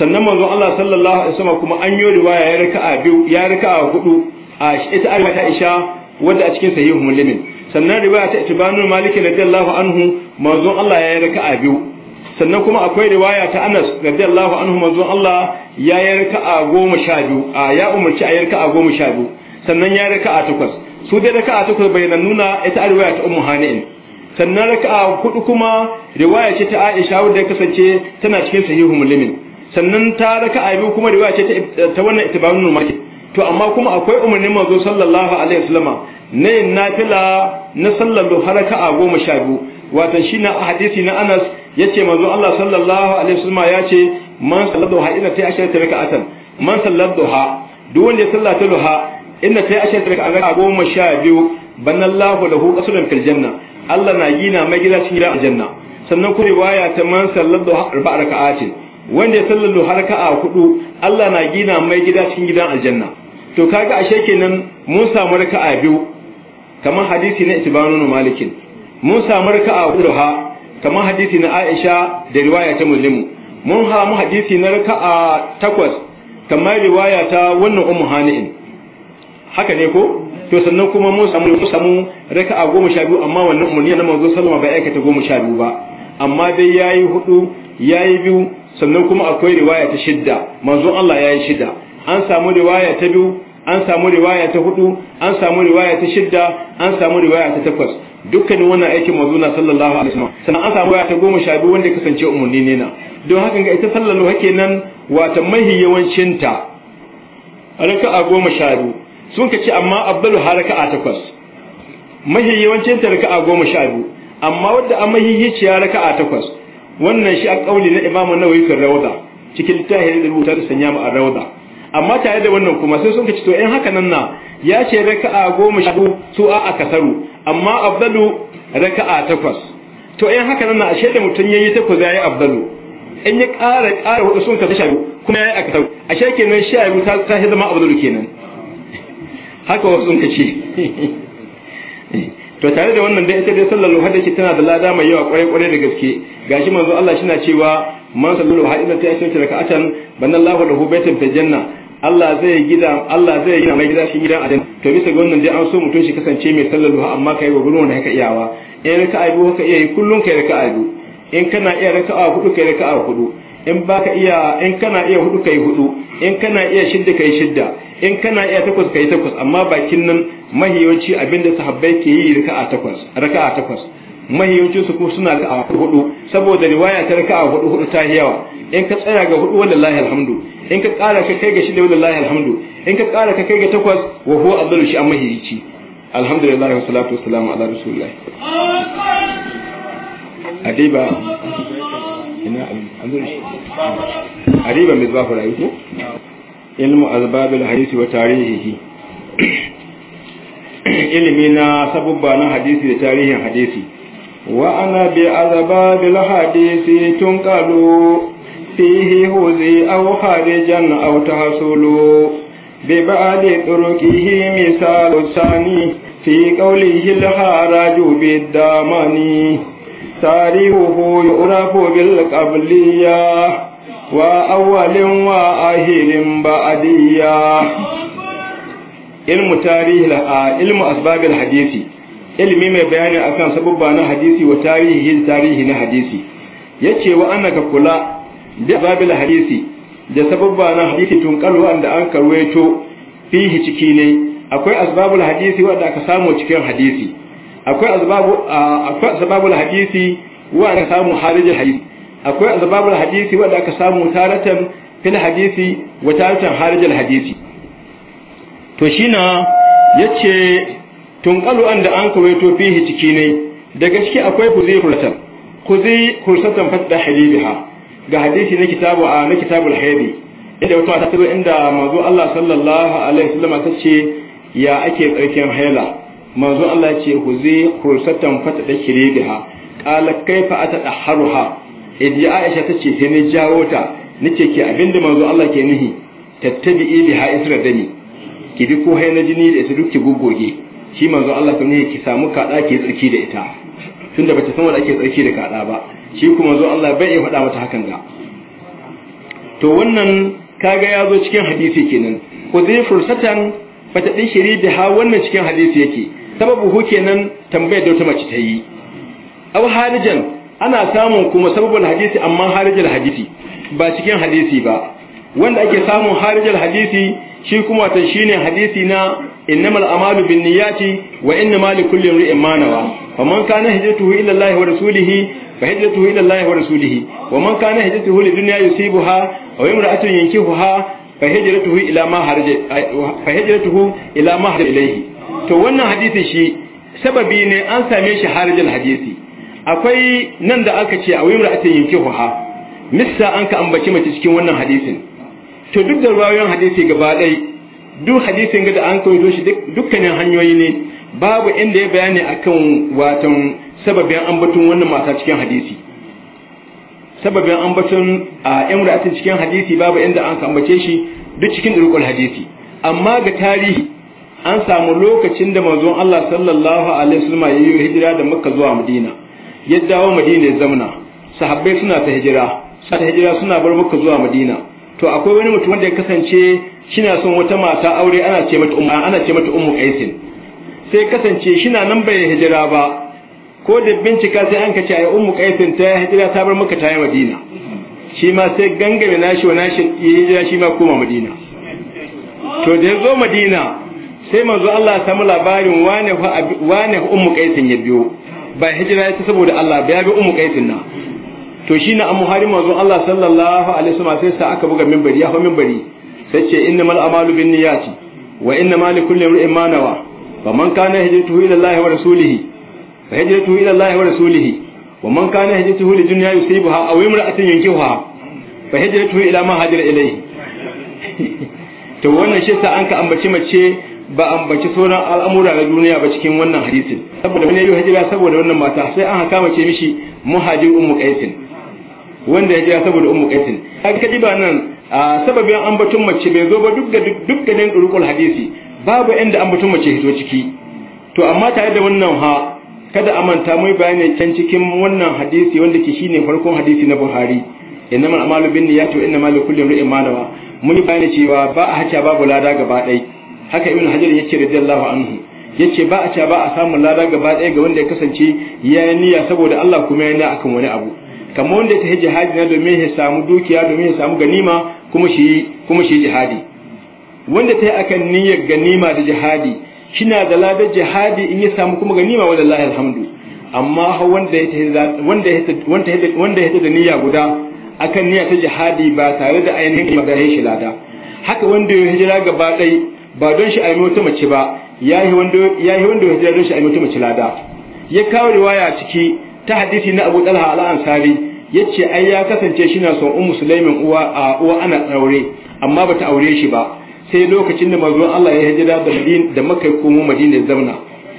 sannan manzon Allah sallallahu alaihi wasallama kuma an yi riwaya ya raka'a biyu ya raka'a hudu a ita Aisha wadda a cikin sayyihu mulmin sannan riwaya ta Ibn Malik radiyallahu anhu manzon Allah ya yi raka'a biyu sannan kuma akwai riwaya ta Anas radiyallahu anhu manzon Allah ya yi raka'a goma sha a ya umarci a yi raka'a goma sha sannan ya yi raka'a takwas su dai raka'a takwas bai nan nuna ita a riwaya ta Ummu Hani'in sannan raka'a hudu kuma riwaya ce ta Aisha wadda ya kasance tana cikin sahihu Muslim sannan ta raka'a biyu kuma riwaya ce ta wannan itibarun maki to amma kuma akwai umarnin manzo sallallahu alaihi wasallama na yin nafila na sallar raka'a goma sha biyu watan shi na hadisi na Anas yace manzo Allah sallallahu alaihi wasallam yace man sallatu ha ina ta ashar ta atan man ha duk wanda ya sallata duha inna ta ashar ta raka'a goma sha biyu banallahu lahu qasran fil janna Allah na gina mai gida cikin gidan aljanna sannan ku riwaya ta man ha arba'a raka'atin wanda ya sallallahu raka'a hudu Allah na gina mai gida cikin gidan aljanna to kaga ashe kenan mun samu raka'a biyu kamar hadisi na Itibanu Malikin mun samu raka'a ha. kamar hadisi na Aisha da riwaya ta Muslim mun mu hadisi na raka'a takwas kamar riwaya ta wannan ummu hani'in haka ne ko to sannan kuma mun samu mun samu raka'a goma sha biyu amma wannan ne na manzo sallama bai aikata goma sha biyu ba amma dai yayi hudu yayi biyu sannan kuma akwai riwaya ta shidda manzo Allah yayi shidda an samu riwaya ta biyu an samu riwaya ta hudu an samu riwaya ta shidda an samu riwaya ta takwas dukkanin wannan aikin na sallallahu alaihi wasallam sannan an samu ta goma sha biyu wanda ya kasance umarni ne na don haka ga ita sallar nuha nan wata mahi yawancin ta raka'a goma sha biyu sun ka ce amma abdul haraka a takwas mahi yawancin ta raka'a goma sha biyu amma wadda an raka raka'a takwas wannan shi a kauli na imamu nawawi fil rawda cikin littafin da rubuta da sanya mu a rawda amma tare da wannan kuma sai sun ka ce to in haka nan na ya ce raka'a goma sha biyu su a akasaru amma afdalu raka'a takwas to in haka nan ashe da mutum yayi takwas yayi afdalu in ya ƙara ƙara hudu sun kafa shayu kuma yayi akasau ashe kenan shayu ta ta zama afdalu kenan *laughs* haka wasu sun ce *laughs* to tare da wannan dai ita dai sallar luhar da ke tana da lada mai yawa kwarai kwarai da gaske gashi manzo Allah shi na cewa man sallar luhar idan ta yi sun raka'atan banallahu lahu baitan fil janna Allah zai gida Allah zai gida mai gida shi gidan adam to bisa ga wannan dai an so mutum shi kasance mai sallar duha amma kai wa gurin wanda haka iyawa in raka'a biyu haka iya yi kullun kai raka'a biyu in kana iya raka'a hudu kai raka'a hudu in baka iya in kana iya hudu kai hudu in kana iya shidda kai shidda in kana iya takwas kai takwas amma bakin nan mahiyoci abinda sahabbai ke yi a takwas raka'a takwas mahiyocin su ko suna ga a hudu saboda riwaya ta raka a hudu hudu ta yawa in ka tsaya ga hudu wallahi alhamdu in ka kara ka kai ga shida wallahi alhamdu in ka kara ka kai ga takwas wa huwa afdalu shi amma hiyici alhamdulillah wa salatu wassalamu ala rasulillah adiba ina alhamdulillah adiba mizbahu rayu ilmu azbabil hadisi wa tarihihi ilimi na sabubba na hadisi da tarihin hadisi وأنا بأذباب الحديث تنقل فيه هزي أو خارجا أو تحصل ببعد طرقه مثال الثاني في قوله الحراج بالدامن تاريخه يعرف بالقبلية وأول وآخر بعدية علم تاريخ علم أسباب الحديث ilimi mai bayani akan sabubba na hadisi wa tarihin tarihi na hadisi yace wa annaka kula da babil hadisi da sababba na hadisi tun kalu wanda an karwaito fihi ciki ne akwai asbabul hadisi wanda aka samu cikin hadisi akwai asbabu akwai asbabul hadisi wanda aka samu harijin hadisi akwai asbabul hadisi wanda aka samu taratan fil hadisi wa taratan harijin hadisi to shi na yace tunqalu an da an kawaito fihi ciki ne da gaske akwai kuzi kursatan kuzi kursatan fadda hadibiha ga hadisi na kitabu a na kitabul hadi inda wata ta tabbata inda manzo Allah sallallahu alaihi wasallam ta ce ya ake karkin haila manzo Allah ya ce kuzi kursatan fadda hadibiha qala kaifa atadahharuha idan Aisha ta ce sai ni jawo ta nace ke abinda manzo Allah ke nihi tattabi biha isra dani ki bi ko hayna jini da su duk ki guggoge shi zuwa Allah sun ki samu kada ke tsarki da ita tunda bata san wanda ake tsarki da kada ba shi kuma zuwa Allah bai faɗa mata hakan ga to wannan kaga ya zo cikin hadisi kenan ko dai fursatan bata din shiri da ha wannan cikin hadisi yake sababu hu kenan tambayar da wata mace ta yi aw harijan ana samun kuma sababun hadisi amma harijal hadisi ba cikin hadisi ba wanda ake samun harijal hadisi shi kuma ta shine hadisi na إنما الأعمال بالنيات وإنما لكل امرئ ما نوى فمن كان هجرته إلى الله ورسوله فهجرته إلى الله ورسوله ومن كان هجرته لدنيا يصيبها أو امرأة ينكحها فهجرته إلى ما هرج فهجرته إلى ما هرج إليه to wannan hadisi shi sababi ne an same shi harijin hadisi akwai nan da aka ce a wimra ake yinke huha missa an ka ambaci mace cikin wannan hadisin to duk da ruwayoyin hadisi gaba duk hadisin da an kawo shi dukkanin hanyoyi ne babu inda ya bayani akan watan sababin ambaton wannan mata cikin hadisi sababin ambaton a imra'atin cikin hadisi babu inda an ambace shi duk cikin durqul hadisi amma ga tarihi an samu lokacin da manzon Allah sallallahu alaihi wasallam ya yi hijira da Makka zuwa Madina ya dawo Madina ya zamna sahabbai suna ta hijira suna ta hijira suna bar Makka zuwa Madina to akwai wani mutum wanda ya kasance shina son wata mata aure ana ce mata umma ana ce mata ummu kaisin sai kasance shina nan bai hijira ba ko da bincika sai an kace ai ummu kaisin ta hijira ta bar maka ta yi madina shi ma sai gangame nashi wa nashi hijira shi ma koma madina to da yazo madina sai manzo Allah ya samu labarin wane wane ummu kaisin ya biyo ba hijira ita saboda Allah ba ya bi ummu kaisin na to shine an muhari manzo Allah sallallahu alaihi wasallam sai sa aka buga minbari ya fa minbari sai ce mal a'malu binniyati wa inna innamal kulli imrin ma nawa man kana hijratuhu ila Allah wa rasulihi fa hijratuhu ila Allah wa rasulihi wa man kana hijratuhu li dunya yusibuha aw imra'atin yankihuha fa hijratuhu ila ma hajara ilayhi *laughs* to wannan shi sa an ka ambaci mace ba ambaci sauran al'amura na duniya ba cikin wannan hadisin saboda wani yayi hijira saboda wannan mata sai an haka mace mishi muhajir ummu qaisin wanda hijira saboda ummu qaisin an kadi ba nan sababin ambaton mace bai zo ba duk da dukkanin rukul hadisi babu inda ambaton mace hito ciki to amma tare da wannan ha kada a manta mai bayani can cikin wannan hadisi wanda ke shine farkon hadisi na Buhari innamal amalu niyyati wa innamal kullu imrin ma nawa mun yi bayani cewa ba a haca babu lada gaba dai haka ibn hajar yace radiyallahu anhu yace ba a ca ba a samu lada gaba dai ga wanda ya kasance ya niyya saboda Allah kuma ya akan wani abu kamar wanda ta jihadi na domin ya samu dukiya domin ya samu ganima kuma shi jihadi wanda ta yi akan niyyar ganima da jihadi na da ladar jihadi in ya samu kuma ganima lallahi alhamdu amma wanda ya ta da niyya guda akan niyya ta jihadi ba tare da ainihin maganin shi lada haka wanda ya hijira gaba ɗai ba don shi a yi wata mace ba ya yi wanda ya hijira don shi a yi wata mace lada ya kawo riwaya ciki ta hadisi na Abu Talha al-Ansari yace ai ya kasance shi na son ummu Sulaimin uwa a uwa ana aure amma bata aure shi ba sai lokacin da manzon Allah ya hijira da Madina da Makka komo Madina zamna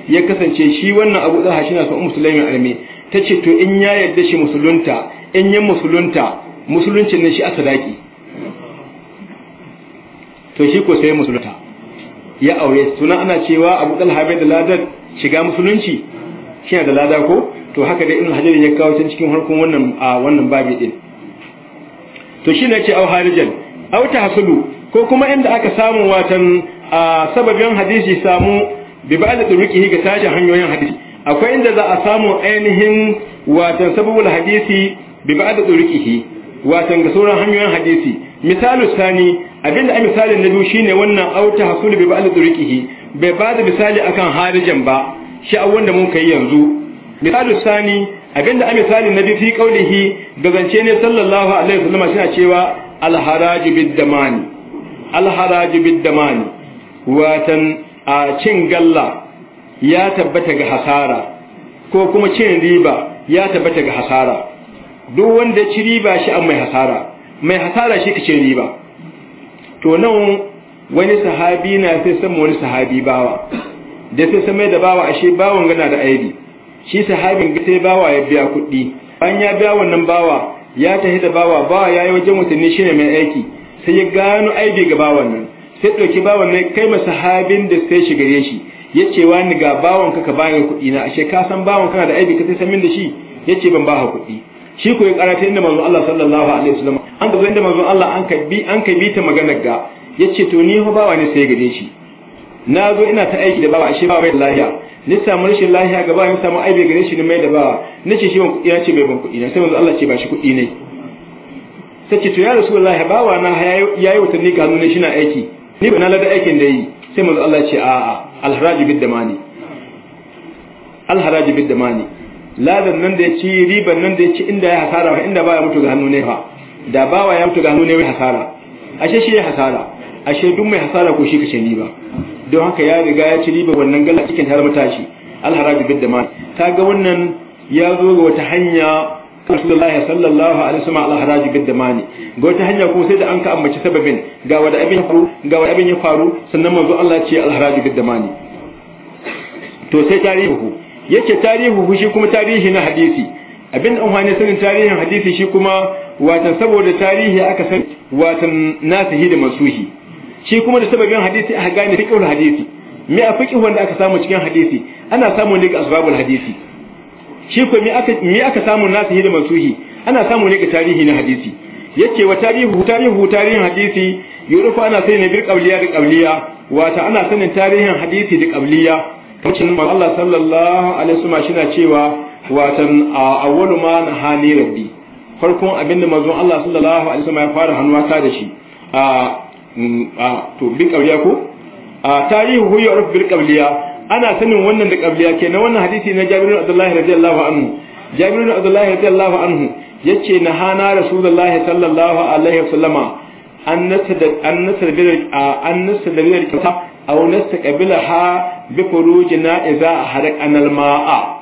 ya kasance shi wannan Abu Talha shi na son ummu Sulaimin alme tace to in ya yarda shi musulunta in yin musulunta musuluncin ne shi a sadaki to shi ko sai musulunta ya aure sunan ana cewa Abu Talha bai da ladar shiga musulunci shi da lada ko to haka dai ibn hajar ya kawo can cikin harkun wannan a wannan babi din to shi ne ce au harijan au tahsulu ko kuma inda aka samu watan a sababin hadisi samu bi ba'da turuqihi ga tashin hanyoyin hadisi akwai inda za a samu ainihin watan sababul hadisi bi ba'da turuqihi watan ga sauran hanyoyin hadisi misalu sani abinda a misalin na biyu shine wannan au tahsulu bi ba'da turuqihi bai ba da misali akan harijan ba sha'awun da mun kai yanzu misalu sani abinda a misali na biyu fi kaulihi ga zance ne sallallahu alaihi wasallam shi cewa alharaji biddamani alharaji biddamani watan a cin galla ya tabbata ga hasara ko kuma cin riba ya tabbata ga hasara duk wanda ci riba shi an mai hasara mai hasara shi kace riba to nan wani sahabi na sai san wani sahabi bawa da sai san mai da bawa ashe bawan gana da aibi shi sahabin sai bawa ya biya kuɗi an ya biya wannan bawa ya tafi da bawa bawa ya yi wajen watanni shi ne mai aiki sai ya gano aibi ga bawan nan sai ɗauki bawan nan kai ma sahabin da sai shi gare shi ya ce wani ga bawan ka ka bayar kuɗi na ashe ka san bawan kana da aibi ka sai samin da shi ya ce ban ba kuɗi shi ko ya karata inda manzon Allah sallallahu alaihi wasallam an ga inda manzon Allah an ka bi an ka bi ta maganar ga yace to ni ho bawa ne sai gare shi na zo ina ta aiki da bawa ashe bawa bai lafiya ni samu rashin lafiya gaba ya samu aibe gare shi ni mai da bawa ce shi ban kuɗi ya ce bai ban kuɗi na sai manzo Allah ce ba shi kuɗi ne sace to ya rasulullahi bawa na yi watanni ga hannu ne shi na aiki ni ba na lada aikin da yi sai manzo Allah ce a'a alharaji bid damani alharaji bid damani ladan nan da ya ci riban nan da ya ci inda ya hasara ba, inda ba ya mutu ga hannu ne fa da bawa ya mutu ga hannu ne wai hasara ashe shi ya hasara ashe duk mai hasara ko shi kace ni ba don haka ya riga ya ci riba wannan gala cikin har matashi alharabi bid ta kaga wannan ya zo ga wata hanya Rasulullahi sallallahu alaihi wasallam alharaji bid mani. ga wata hanya kuma sai da an ka ambaci sababin ga wanda abin ya faru ga wanda abin ya faru sannan manzo Allah ya ce alharaji bid mani. to sai tarihu yake tarihu shi kuma tarihi na hadisi abin an hane sanin tarihin hadisi shi kuma watan saboda tarihi aka san watan nasihi da masuhi shi kuma da sababin hadisi aka gane fiqhul hadisi me a fiqh wanda aka samu cikin hadisi ana samu ne ga asbabul hadisi shi ko me aka me aka samu nasihi da mansuhi ana samu ne ga tarihi na hadisi yace wa tarihi tarihu tarihin hadisi yurufu ana sai ne bir qabliya da qabliya wata ana sanin tarihin hadisi da qabliya kacin Allah sallallahu alaihi wasallam shina cewa watan awwalu ma nahani rabbi farkon abinda manzon Allah sallallahu alaihi wasallam ya fara hannuwa ta da shi Mm, ah, to ko a ah, tarihi bil ana sanin wannan da qabliya kenan wannan hadisi na Jabir bin Abdullah radiyallahu anhu Jabir bin Abdullah radiyallahu anhu yace na hana rasulullahi sallallahu alaihi wasallama an nasa da an an biyar aw nasa ha bi furujina idza harak anal ma'a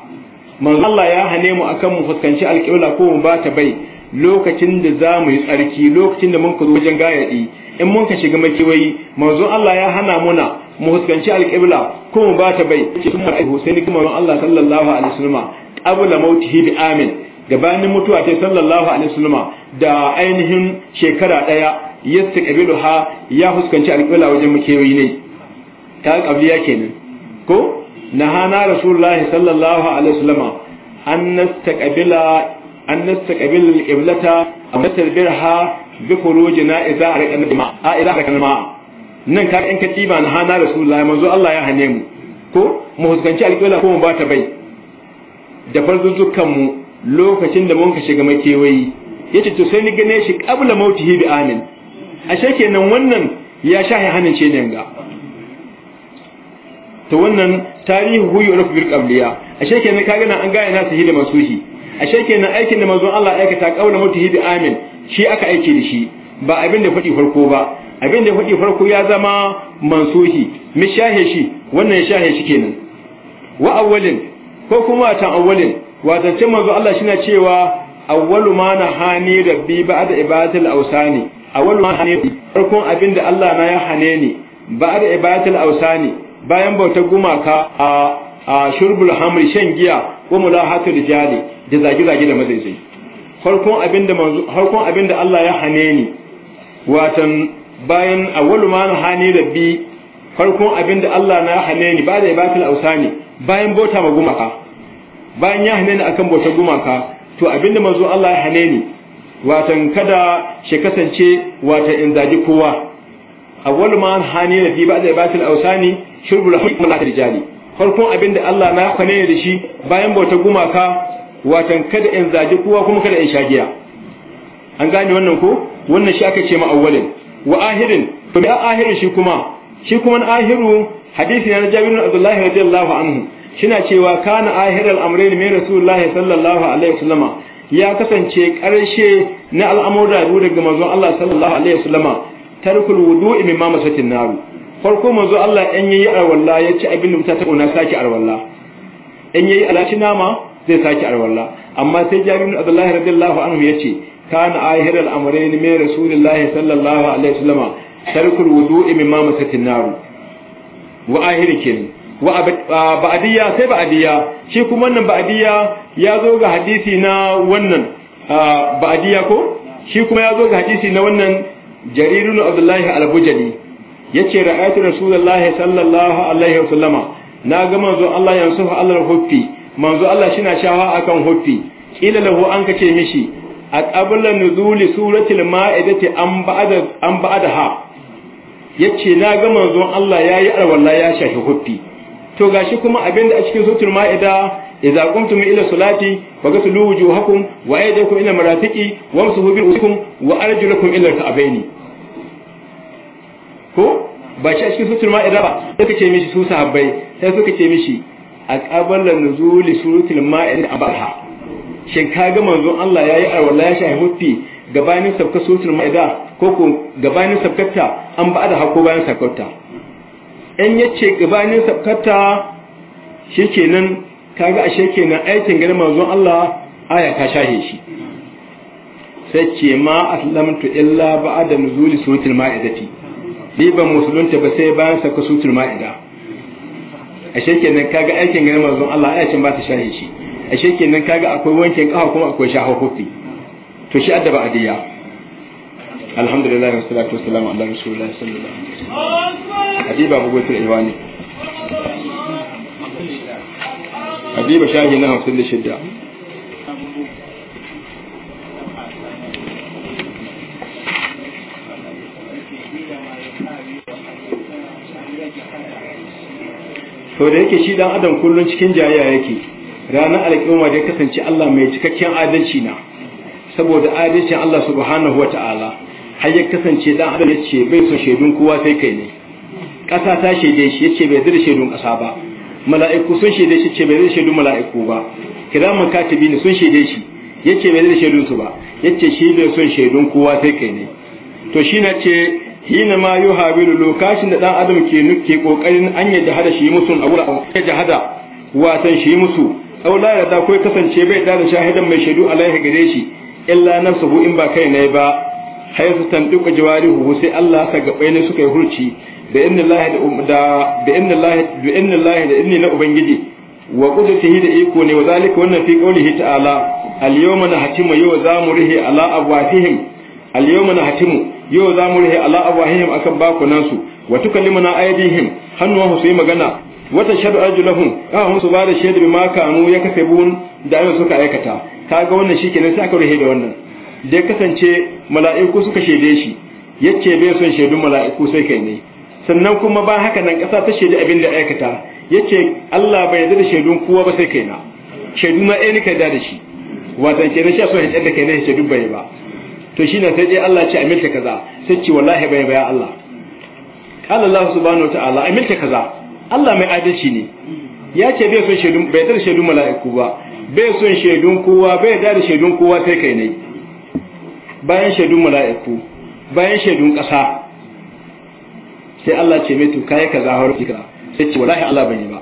manzo Allah ya hane mu akan mu fuskanci alqibla ko mu ba ta bai lokacin da za mu yi tsarki lokacin da mun ka zo wajen gayadi in mun ka shiga makewayi manzon Allah ya hana muna mu huskanci alƙibla ko mu bata bai cikin mai Husaini kuma Allah sallallahu alaihi wasallama qabla mautihi bi amin gabanin mutuwa ta sallallahu alaihi wasallama da ainihin shekara daya yastaqbilu ha ya huskanci alƙibla wajen makewayi ne ta qabliya kenan ko nahana rasulullahi sallallahu alaihi wasallama an nastaqbila an nastaqbil al-qiblata am birha bi khurujina idza harqana bima a idza harqana ma nan ka in ka tiba na hana rasulullahi manzo Allah ya hane mu ko mu huskanci alƙibla ko mu ba ta bai da farzuzukan mu lokacin da mun ka shiga makewayi yace to sai ni gane shi qabla mautihi bi amin ashe kenan wannan ya shahi hanin ce ne ga to wannan tarihi huyu rafi bil qabliya ashe kenan kaga nan an gaya nasu hidima suhi ashe kenan aikin da manzon Allah aikata kaula mutihi bi amin shi aka aiki da shi ba abin da faɗi farko ba abin da faɗi farko ya zama mansuhi mi shahe shi wannan ya shahe shi kenan wa awwalin ko kuma ta awwalin watancin manzon Allah shi na cewa awwalu ma na hani rabbi ba'da ibadatil awsani awwalu ma hani farkon abin da Allah na ya hane ni ba'da ibadatil awsani bayan bautar gumaka a a shurbul hamri shan giya ko mulahatul jali Da zagi zagi da madaidai farkon abin da farkon abin da Allah ya hane ni watan bayan awwalu ma na da bi farkon abin da Allah na hane ni ba da ibatul ausani bayan bota ma gumaka bayan ya hane ni akan bota gumaka to abin da manzo Allah ya hane ni watan kada shi kasance watan in zagi kowa awwalu ma da bi ba da ibatul ausani shurbul hukm la rijali farkon abin da Allah na hane ni da shi bayan bota gumaka watan kada in zagi kowa kuma kada in shagiya an gane wannan ko wannan shi aka ce ma awwalin wa ahirin to da ahirin shi kuma shi kuma na ahiru hadisi na Jabir bin Abdullah radiyallahu anhu shina cewa kana ahiral amrayn min rasulullahi sallallahu alaihi wasallama ya kasance karshe na al'amura biyu daga manzon Allah sallallahu alaihi wasallama tarkul wudu'i mimma masatin naru farko manzo Allah in yayi arwalla ya ci abin da ta tauna saki arwalla in yayi alaci nama zai sake alwala amma sai jabir abdullah radiyallahu anhu yace kana ahir al-amrayn min rasulillahi sallallahu alaihi wasallam tarkul wudu'i mimma masatin nar wa ahir kin wa ba'diyya sai ba'diyya shi kuma wannan ba'diyya ya zo ga hadisi na wannan ba'diyya ko shi kuma ya zo ga hadisi na wannan jarirun abdullah al bujani yace ra'aytu rasulullahi sallallahu alaihi wasallama na ga manzo Allah yansuhu Allah huffi manzo Allah shina shawa akan huffi kila lahu an kace mishi a qabla nuzuli suratul ma'idati an ba'ada an ba'ada ha yace na ga manzon Allah yayi alwala ya shafi huffi to gashi kuma abinda a cikin suratul ma'ida idza qumtum ila salati faghsilu wujuhakum wa aydakum ila marafiqi wamsuhu bi rusikum wa arjulakum ila al-ka'bayn ko ba shi a cikin suratul ma'ida ba suka ce mishi su sahabbai sai suka ce mishi a qabala nuzuli suratul ma'id abaha shin ga manzo Allah yayi arwala ya shahi huffi gabanin sabka suratul ma'ida ko ko gabanin sabkata an ba da hako bayan sabkata in yace gabanin sabkata shikenan ga ashe kenan aikin garin manzo Allah aya ka shahe shi sai ce ma aslamtu illa ba'da nuzuli suratul ma'idati ni ban musulunta ba sai bayan sabka suratul ma'ida ashe kenan kaga aikin ganin manzon Allah aikin ba ta shahi shi ashe kenan kaga akwai wankin kafa kuma akwai shahawa kofi to shi addaba adiya alhamdulillah wassalatu wassalamu ala rasulillah sallallahu alaihi wasallam adiba bugotul iwani adiba shahi na 56 sau da yake shi dan adam kullun cikin jayayya yake ranar alƙiyama da ya kasance Allah mai cikakken adalci na saboda adalcin Allah subhanahu wa ta'ala har ya kasance dan adam ya ce bai son shaidun kowa sai kai ne ƙasa ta shaide shi ya ce bai zira shaidun ƙasa ba mala'iku sun shaide shi ce bai zira shaidun mala'iku ba kiraman katibi ne sun shaide shi ya ce bai zira shaidun su ba ya ce shi bai son shaidun kowa sai kai ne to shi na ce hina ma yuhabilu lokacin da dan adam ke nuke kokarin an ya jahada shi musu a wurin ya jahada watan shi musu aw la yarda ko kasance bai da shahidan mai shaidu alaihi gare shi illa nafsuhu in ba kai ne ba haythu tantiqu jawarihu sai Allah ta gabai ne suka yi hurci da inna um- lahi da bi inna lahi bi inna da inni na ubangiji wa qudratihi da iko ne wa zalika wannan fi qawlihi ta'ala al yawma nahtimu yau za mu rihi ala abwatihim al yawma nahtimu yau za mu rihe ala abwahihim akan bakunan su wa tukallimuna aydihim hannuwan su yi magana wa tashhadu arjuluhum ka su ba da shaidu bima kanu yakasibun da ayyukan suka aikata kaga wannan shikenan sai aka rihe da wannan da ya kasance mala'iku suka shaide shi yace bai son shaidun mala'iku sai kai ne sannan kuma ba haka nan ƙasa ta shaidi abin da aikata yace Allah bai yarda da shaidun kowa ba sai kai na shaidu na ɗaya nika da shi watan kenan shi a so ya da kai ne shaidu bai ba to shine sai dai Allah ce amilta kaza sai ce wallahi bai baya Allah qala Allah subhanahu wataala amilta kaza Allah mai adalci ne ya ce bai son shaidun bai dar shaidun mala'iku ba bai son shaidun kowa bai dar shaidun kowa sai kai ne bayan shaidun mala'iku bayan shaidun ƙasa sai Allah ce mai to kai kaza har kika sai ce wallahi Allah bai ba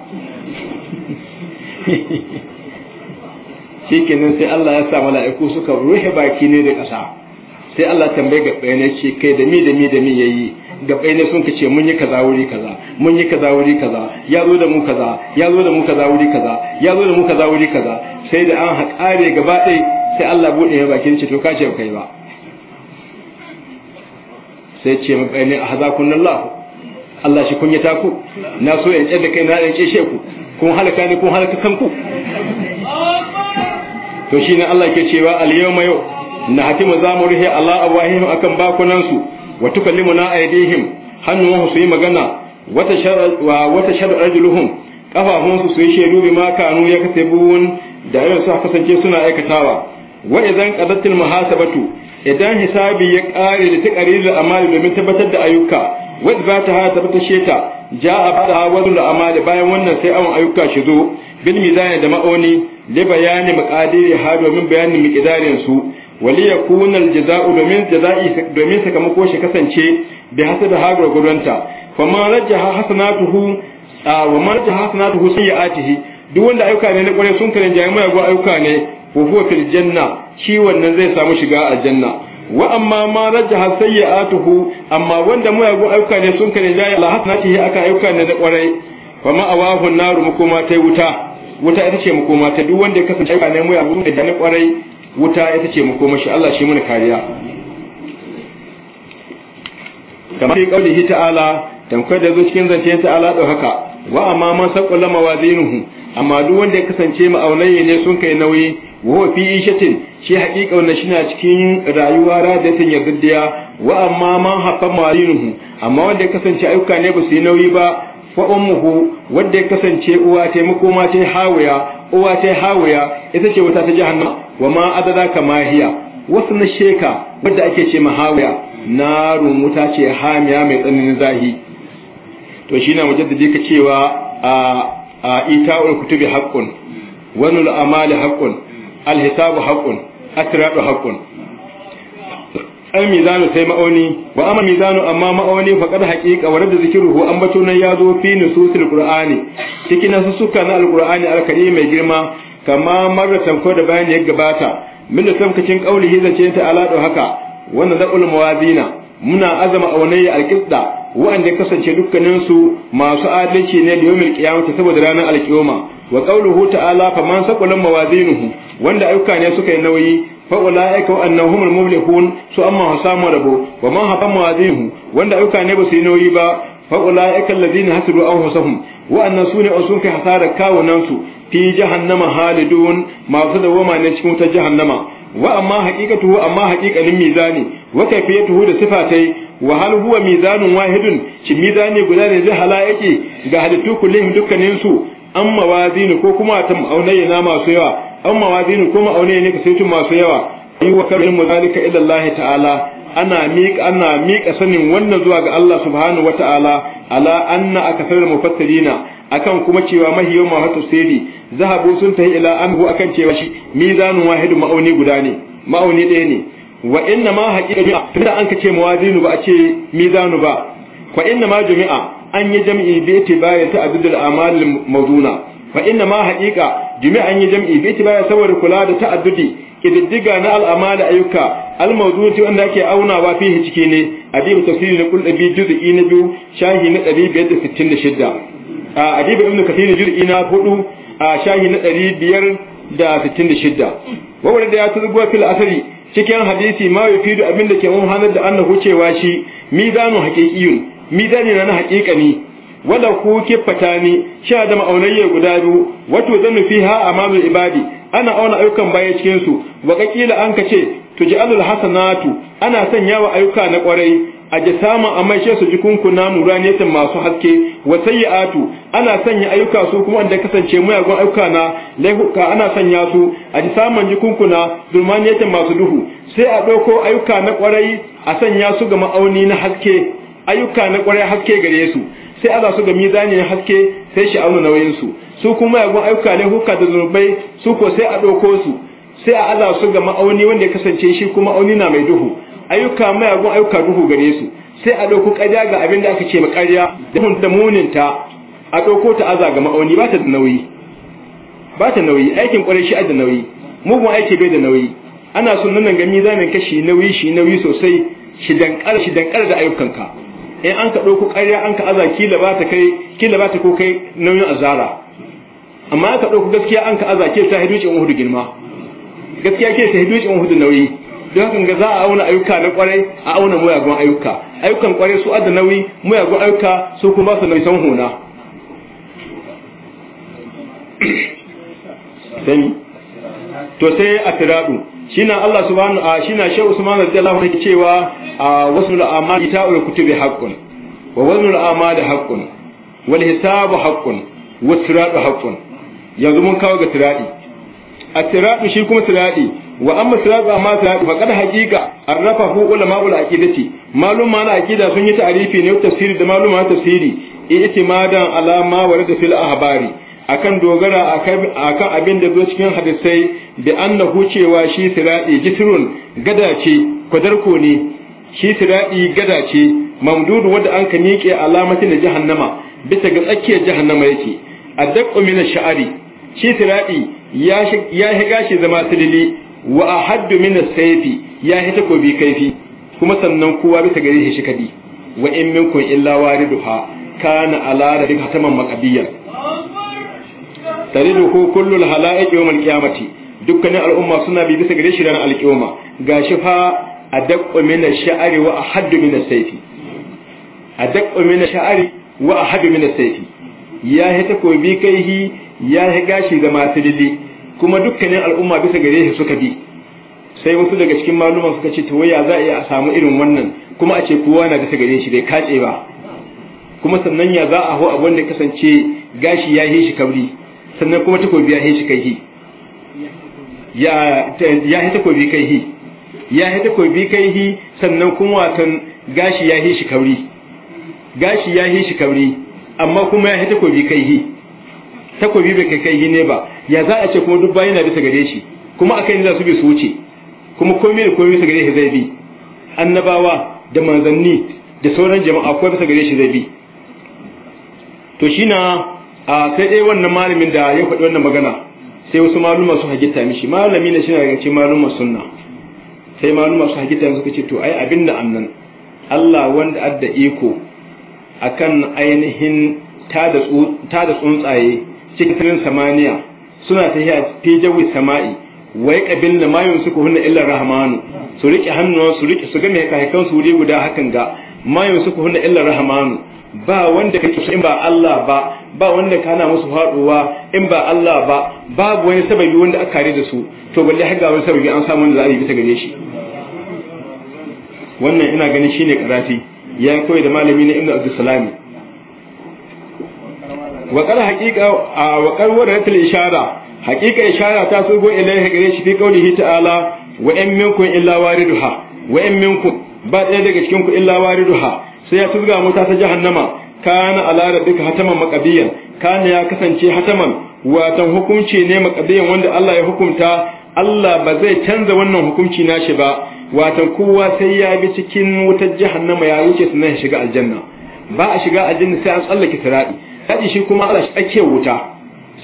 *laughs* shikenan sai Allah ya sa mala'iku suka ruhe baki ne da ƙasa sai Allah tambaye ga bayane ce kai da mi da mi da mi yayi ga bayane sun kace mun yi kaza wuri kaza mun yi kaza wuri kaza ya zo da mu kaza ya zo da mu kaza wuri kaza ya zo da mu kaza wuri kaza sai da an haƙare gaba ɗaya sai Allah bude ya bakin ce to ka ce kai ba sai ce a haza ahzakunallahu Allah shi kun yi ku na so in da kai na in kishe ku kun halaka ne kun halaka kanku to shine Allah ke cewa al yawma yau na hakimu za mu ruhe Allah abahim akan su wa tukallimuna aidihim hannuwansu su yi magana wata sharu arjuluhum kafafunsu su yi shaidu bi ma kanu ya kasabun da yau su kasance suna aikatawa wa idan qadatil muhasabatu idan hisabi ya kare da ta da amali domin tabbatar da ayyuka wa ha tabbata sheta ja'a ba'da wazul amali bayan wannan sai awon ayyuka shi zo bil mizani da ma'oni li bayani maqadiri ha domin bayanin miqdarin su wali ya kunan jaza'u domin jaza'i domin sakamako shi kasance bi hasabi ha gurguranta fa ma raja hasanatuhu wa ma rajaha hasanatuhu sayyi'atihi duk wanda ayyuka ne na kware sun kare jayi mai go ayyuka ne ko huwa fil janna shi wannan zai samu shiga aljanna wa amma ma raja sayyi'atuhu amma wanda mai go ayyuka ne sun kare jayi la hasanatihi aka ayyuka ne da kware fa ma awahu naru makoma tai wuta wuta ita ce makoma ta duk wanda ya kasance ayyuka ne mai go da na kwarai wuta ita ce makomashi Allah shi mana kariya kamar fi qaulihi ta'ala tamkar da zo cikin zance ala da haka wa amma man saqala mawazinuhu amma duk wanda ya kasance ma'aunaye ne sun kai nauyi wa fi ishatin shi haƙiƙa wannan shi na cikin rayuwa da radatin yaddiya wa amma man hafa mawazinuhu amma wanda ya kasance ayyuka ne ba su yi nauyi ba fa ummuhu wanda ya kasance uwa ta makoma ta hawaya uwa ta hawaya ita ce wata ta jahannama Wama adada ka mahiya wasu na sheka wadda ake ce mahawiya narun wuta ce hamiya mai tsananin zahi to shi na mujaddadi ka cewa a ita'ul kutubi haqqun wanul amali haqqun alhisabu haqqun asradu haqqun almizanu sai ma'auni wa amma mizanu amma ma'auni fa kad haqiqa wa radda zikruhu an bato nan yazo fi nususil qur'ani cikin nasu suka na alqur'ani alkarimi mai girma kama marratan ko da bayani ya gabata min da samkacin qaulihi ce ta ala haka wannan da'ul mawazina muna azama aunai alqisda wa'anda kasance dukkanin su masu adalci ne da yomil qiyamah saboda ranar alqiyama wa qauluhu ta'ala man saqulan mawazinuhu wanda ayyuka ne suka yi nauyi fa ulaika wa annahum almuflihun su amma hasamu rabu wa man hafa mawazinuhu wanda ayyuka ne ba su yi nauyi ba fa ulaika allazina hasiru anfusahum wa annasu ne usuka hasara kawunansu su fi jahannama halidun masu dawoma ne cikin wutar jahannama wa amma haqiqatuhu amma haqiqanin mizani wa kayfiyatuhu da sifatai wa hal huwa mizanun wahidun shi mizani guda ne zai halaiki ga halittu kullum dukkanin su amma wazinu ko kuma tam na masu yawa amma wazinu kuma aunayne ka sai masu yawa yi wa karin muzalika ila Allah ta'ala ana miƙa ana miƙa sanin wannan zuwa ga Allah subhanahu wa ta'ala ala anna akasar mufassirina akan kuma cewa mahiyo ma hatu sedi zahabu sun tahi ila amhu akan cewa shi mizanun wahidu ma'auni guda ne ma'auni ɗaya ne wa inna ma haqiqa tunda an ka kace mawadinu ba a ce mizanu ba fa inna ma jami'a an yi jam'i bi itibari ta abdul amal mawduna fa inna ma haqiqa jami'a an yi jam'i bi itibari saboda kula da ta'addudi kididdiga na al'amala ayyuka al-mawduti wanda ake aunawa fihi cike ne adibu tafsiri na kullu bi juz'i na biyu shahi na 566 a adibu ibnu kathir juri na hudu a shahi na 566 wa wanda ya turbuwa fil asari cikin hadisi ma abin da ke mun hanar da annahu cewa shi mizanu haqiqiyun mizani na ne wala ku kifatani sha da ma'aunayya guda biyu wato zanu fiha amamul ibadi ana auna ayyukan baya cikin su wa qila an kace tuj'alul hasanatu ana sanyawa ayyuka na kwarai a samun amai shi su jikunkuna ta masu haske wa sayyatu ana sanya ayyuka su kuma wanda kasance muyagun ayyuka na laifuka ana sanya su a jasaman jikunkuna ta masu duhu sai a ɗauko ayyuka na ƙwarai a sanya su ga ma'auni na haske ayyuka na ƙwarai haske gare su sai za su ga mizani na haske sai shi auna nauyin su su kuma yagun ayyuka laifuka da zurbai su ko sai a ɗauko su sai a aza su ga ma'auni wanda ya kasance shi kuma ma'auni na mai duhu ayyuka mayagun ayyuka duhu gare su sai a ɗauko kariya ga abin da aka ce makariya da hunta muninta a ɗauko ta aza ga ma'auni ba ta da nauyi ba ta nauyi aikin ƙwarai shi da nauyi mugun aiki bai da nauyi ana son nan ga mizanin kashi nauyi shi nauyi sosai shi dankar shi dankar da ayyukanka in an ka ɗauko kariya an ka aza kila ba ta kai kila ba ta ko kai nauyin azara amma aka ɗauko gaskiya an ka aza ke ta hiduci in hudu girma gaskiya ke ta hiduci in hudu nauyi don kan ga za a auna ayyuka na kwarai a auna muyagun ayyuka ayyukan kwarai su adda nauyi muyagun ayyuka su kuma su nauyi san huna *coughs* sai to sai a tiradu shina Allah subhanahu a shina Sheikh Usman radiyallahu anhu cewa wasul amali ta'ul kutubi haqqun wa wasul amali haqqun wal hisabu haqqun wa tiradu haqqun yanzu mun kawo ga tiradi a tiradu shi kuma tiradi wa amma sirata ma sirata fa kada haqiqa hu ulama ul aqidati malum ma na aqida sun yi ta'rifi ne tafsiri da malum ma tafsiri i'timadan ala ma warada fil ahbari akan dogara akan abin da zo cikin hadisai da annahu cewa shi sirai jisrun gada ce kwadarko ne shi sirai gada ce mamdudu wanda an ka miƙe alamatin da jahannama bisa ga tsakiyar jahannama yake addaqu min ash-sha'ri shi sirai ya ya gashi zama silili wa ahaddu min as-sayfi ya hita ko bi kaifi kuma sannan kowa bisa gare shi kadi wa in kun illa wariduha kana ala rabbika hataman maqdiyan tariduhu kullu al-hala'iq yawm al-qiyamati dukkanin al'umma suna bi bisa gare shi ran al-qiyama gashi fa adaqqu min ash-sha'ri wa ahaddu min as-sayfi adaqqu min ash-sha'ri wa ahaddu min as-sayfi ya hita ko bi kaihi ya higa gashi da masu dili kuma dukkanin al'umma bisa gare shi suka bi sai wasu daga cikin maluman suka ce waya za a iya a samu irin wannan kuma a ce kowa na bisa gare shi bai kace ba kuma sannan ya za a hau abin da kasance gashi ya yi shi kabri sannan kuma takobi ya yi shi kai ya yi takobi kai hi ya yi takobi kai hi sannan kuma watan gashi ya yi shi kabri gashi ya yi shi kabri amma kuma ya yi takobi kai hi takobi bai kai ne ba ya za a ce kuma duk bayan na bisa gare shi kuma akai ne za su bi su wuce kuma komai da komai bisa gare shi zai bi annabawa da manzanni da sauran jama'a kuma bisa gare shi zai bi to shi na a sai dai wannan malamin da ya faɗi wannan magana sai wasu maluma su hagita mishi malami ne shi na cikin maluma sunna sai maluma su hagita suka ce to ai abin da annan Allah wanda adda iko akan ainihin ta da tsuntsaye cikin samaniya suna ta hiya fi jawi sama'i wa yaqbilna ma hunna illa rahmanu su rike hannuwan su rike su ga mai kan su wuri guda hakan ga ku hunna illa rahmanu ba wanda kake in ba Allah ba ba wanda kana musu faduwa in ba Allah ba babu wani sababi wanda aka kare da su to balle har ga wani sababi an samu wanda za a yi bisa gare shi wannan ina ganin shine karati ya koyi da malami na Ibn Abdul وقال حقيقة وقال wa الإشارة حقيقة ishara haqiqa ishara ta في قوله تعالى gare shi fi واردها وإن منكم بعد minkum illa إلا واردها in minkum ba ɗaya daga cikin حتما مقبيا كان sai ya شي mota ta jahannama kana ala rabbika hataman kana ya kasance hataman watan ne maqdiyan wanda Allah ya hukunta Allah ba zai canza wannan hukunci nashi ba watan kowa sai ya bi cikin wutar jahannama ya wuce sannan ya shiga aljanna ba a shiga aljanna sai an tsallake sirati aji shi kuma Allah shi ake wuta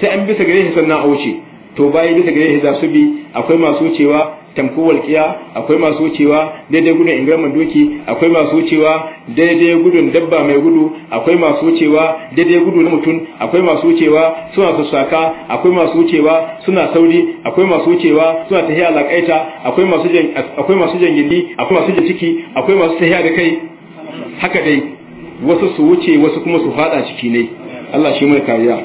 sai an bisa gare shi sannan a wuce to bayi bisa gare shi za su bi akwai masu wucewa tamko walƙiya akwai masu wucewa daidai gudun ingirman doki akwai masu wucewa daidai gudun dabba mai gudu akwai masu wucewa daidai gudu na mutum akwai masu wucewa suna sassaka akwai masu wucewa suna sauri akwai masu wucewa suna hiya laƙaita akwai masu jan akwai masu jan gindi akwai masu jan ciki akwai masu tahiya da kai haka dai wasu su wuce wasu kuma su fada ciki ne Allah shi mai kariya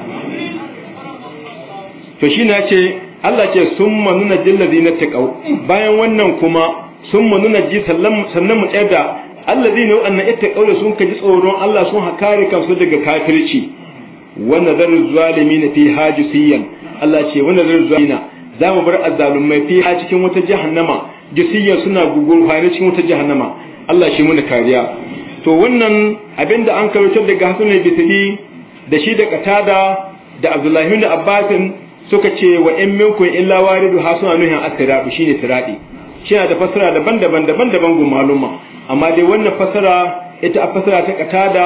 to shi na ce Allah ce sun manuna jillazi na taƙau bayan wannan kuma sun nuna ji sannan mu tsayar da allazi ne waɗannan ita ƙaure sun ka ji tsoron Allah sun hakari kansu daga kafirci wanda zar zalimi na fi haji siyan Allah ce wanda zar zalimi za mu bar azalumai fi a cikin wata jahannama jisiyan suna gugur hare cikin wata jahannama Allah shi muna kariya to wannan abinda an karantar daga hasan al-bisri da shi da katada da abdullahi da abbasin suka ce wa in minkum illa waridu ha suna nuhin asirabu shine siradi shina da fasara daban-daban daban-daban go maluma amma dai wannan fasara ita a fasara ta katada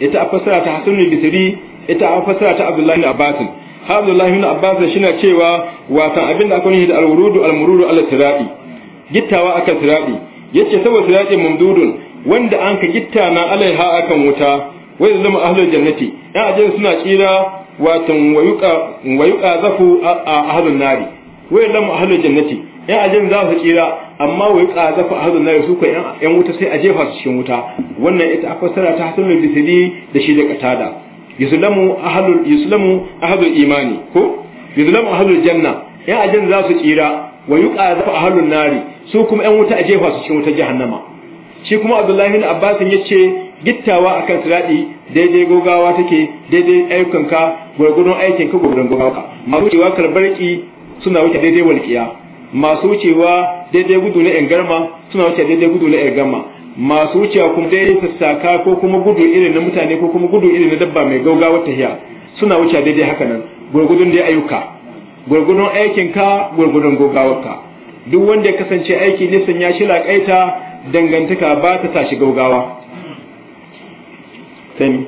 ita a fasara ta bin bisri ita a fasara ta abdullahi da abbasin ha abdullahi ibn abbas shina cewa watan abin da aka nuhi da alwurudu almururu ala siradi gittawa akan siradi yace saboda siradi mamdudun wanda an ka gitta na alaiha akan wuta wai zama ahlul jannati yan ajin suna kira watan wayuqa wayuqa zafu ahlun nari wai yazlamu ahlul jannati yan ajin za su kira amma wayuqa zafu ahlun nari su ko yan wuta sai a jefa su cikin wuta wannan ita afasara ta hasanul bisidi da shi da katada yuslamu ahlul yuslamu ahlul imani ko yuslamu ahlul janna yan ajin za su kira wa yuqa zafu ahlun nari su kuma yan wuta a jefa su cikin wuta jahannama shi kuma abdullahi bin Abbas ya ce gittawa akan siradi daidai gogawa take daidai ayyukanka gurgurun aikin ka gurgurun gogawa masu wucewa karbarki suna wuce daidai walƙiya masu wucewa daidai gudu na garma suna wuce daidai gudu na ingarma masu wucewa kuma daidai sassaka ko kuma gudu irin na mutane ko kuma gudu irin na dabba mai ta hiya suna wuce daidai haka nan gurgudun dai ayyuka gwargwadon aikin ka gurgudun ka duk wanda ya kasance aiki nisan ya shi laƙaita dangantaka ba ta tashi gaugawa sani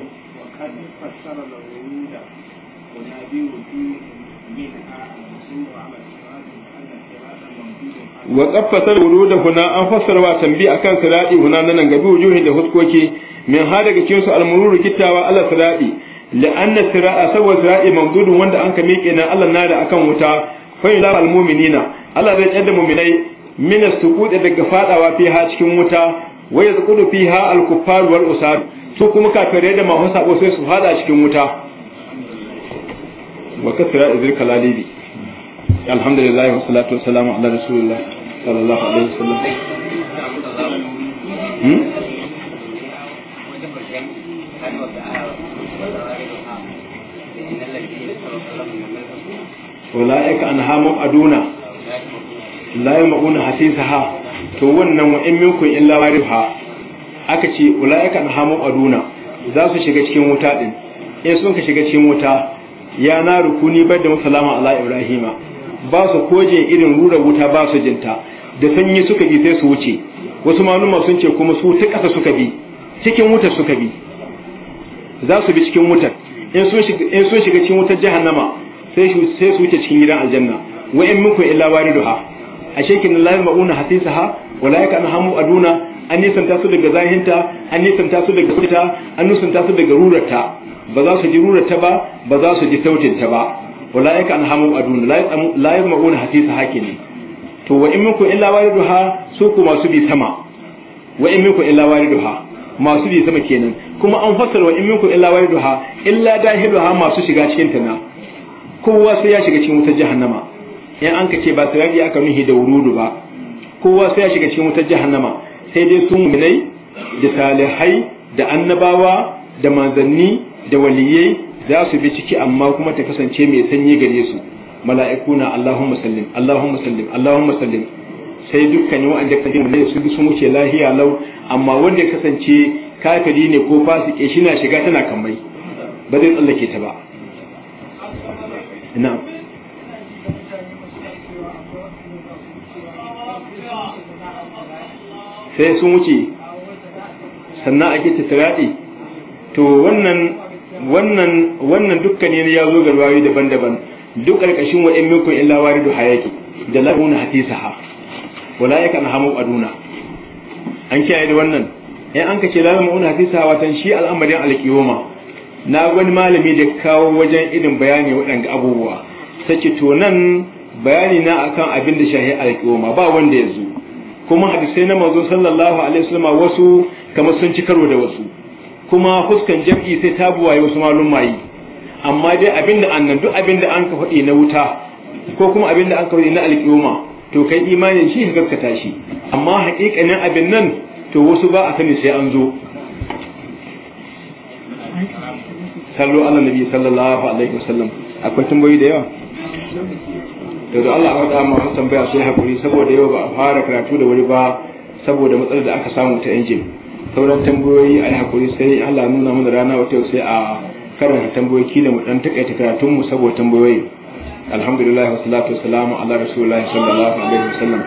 wa tsaffasar wuluda huna an fassara wa tambi akan sirati huna nan ga wujuhin da huskoki min ha daga cikin su almururu kittawa Allah sirati la'anna sira'a sawa sira'i mamdudun wanda an ka miƙe na Allah na da akan wuta fa yula almu'minina Allah zai da mu'minai min as-suqut daga fadawa ha cikin wuta wa yazqudu fiha al-kuffar wal usad su kuma kafirai da masu sabo sai su hada cikin wuta wa kasra izil kalalibi alhamdulillah wa salatu wa salamu ala rasulillah sallallahu alaihi wasallam لا حسيسها to wannan wa in minkum illa wariha aka ce ulaika Hamu aduna za su shiga cikin wuta din in eh, sun ka shiga cikin wuta ya na rukuni bar da musalama ala ibrahima ba su koje irin rura wuta ba su jinta da sanyi suka bi sai su wuce wasu manuma sun ce kuma su ta kasa suka bi cikin wutar suka bi za su bi cikin wutar in sun shiga cikin wutar jahannama sai su wuce cikin gidan aljanna wa in minkum illa wariduha ma'una kin la wala ya kana hamu aduna an nisanta su daga zahinta an nisanta su daga fita an nisanta su daga rurarta ba za su ji rurarta ba ba za su ji tautinta ba kana hamu aduna la yamuna ke ne to wa in minkum illa wariduha su ku masu bi sama wa in minkum illa wariduha masu bi sama kenan kuma an fassara wa in minkum illa wariduha illa dahiluha masu shiga cikin ta na kowa sai ya shiga cikin wutar jahannama in an ka ce ba sirari aka nuhi da wurudu ba kowa sai ya shiga cikin wutar jahannama sai dai su muminai da salihai da annabawa da manzanni da waliyai za su bi ciki amma kuma ta kasance mai sanyi gare su mala'ikuna Allahumma sallim Allahumma sallim Allahumma sallim sai dukkanin wa'anda kaje mu su bi sun wuce lahiya lau amma wanda ya kasance kafiri ne ko fasike shi na shiga tana kamai ba zai tsallake ta ba na'am sai sun wuce sannan ake tattaraɗe to wannan wannan wannan dukkan ne ya zo garwayoyi daban-daban duk ƙarƙashin waɗin minkun illa da hayaki da la'una saha wala yaka na hamu aduna an kiyaye da wannan in an kace na una saha watan shi al'amarin alƙiyoma na wani malami da kawo wajen irin bayani waɗanda abubuwa sace to nan bayani na akan abin da shahi alƙiyoma ba wanda ya zo kuma hadisai na manzo sallallahu alaihi wasallam wasu kamar sun ci karo da wasu kuma fuskan jam'i sai ta buwaye wasu malum mayi amma dai abinda annan duk abinda an ka faɗi na wuta ko kuma abinda an ka faɗi na alƙiyuma to kai imanin shi ka gaskata shi amma haƙiƙanin abin nan to wasu ba a sani sai an zo sallu ala nabi sallallahu alaihi wasallam akwai tambayoyi da yawa to da Allah faɗa ma an tambaya sai hakuri saboda yau ba a fara karatu da wuri ba saboda matsalar da aka samu ta injin sauran tambayoyi a hakuri sai Allah nuna mana rana wata yau sai a karanta tambayoyi kila mu dan taƙaita karatun mu saboda tambayoyi alhamdulillah wassalatu wassalamu ala rasulillahi sallallahu alaihi wasallam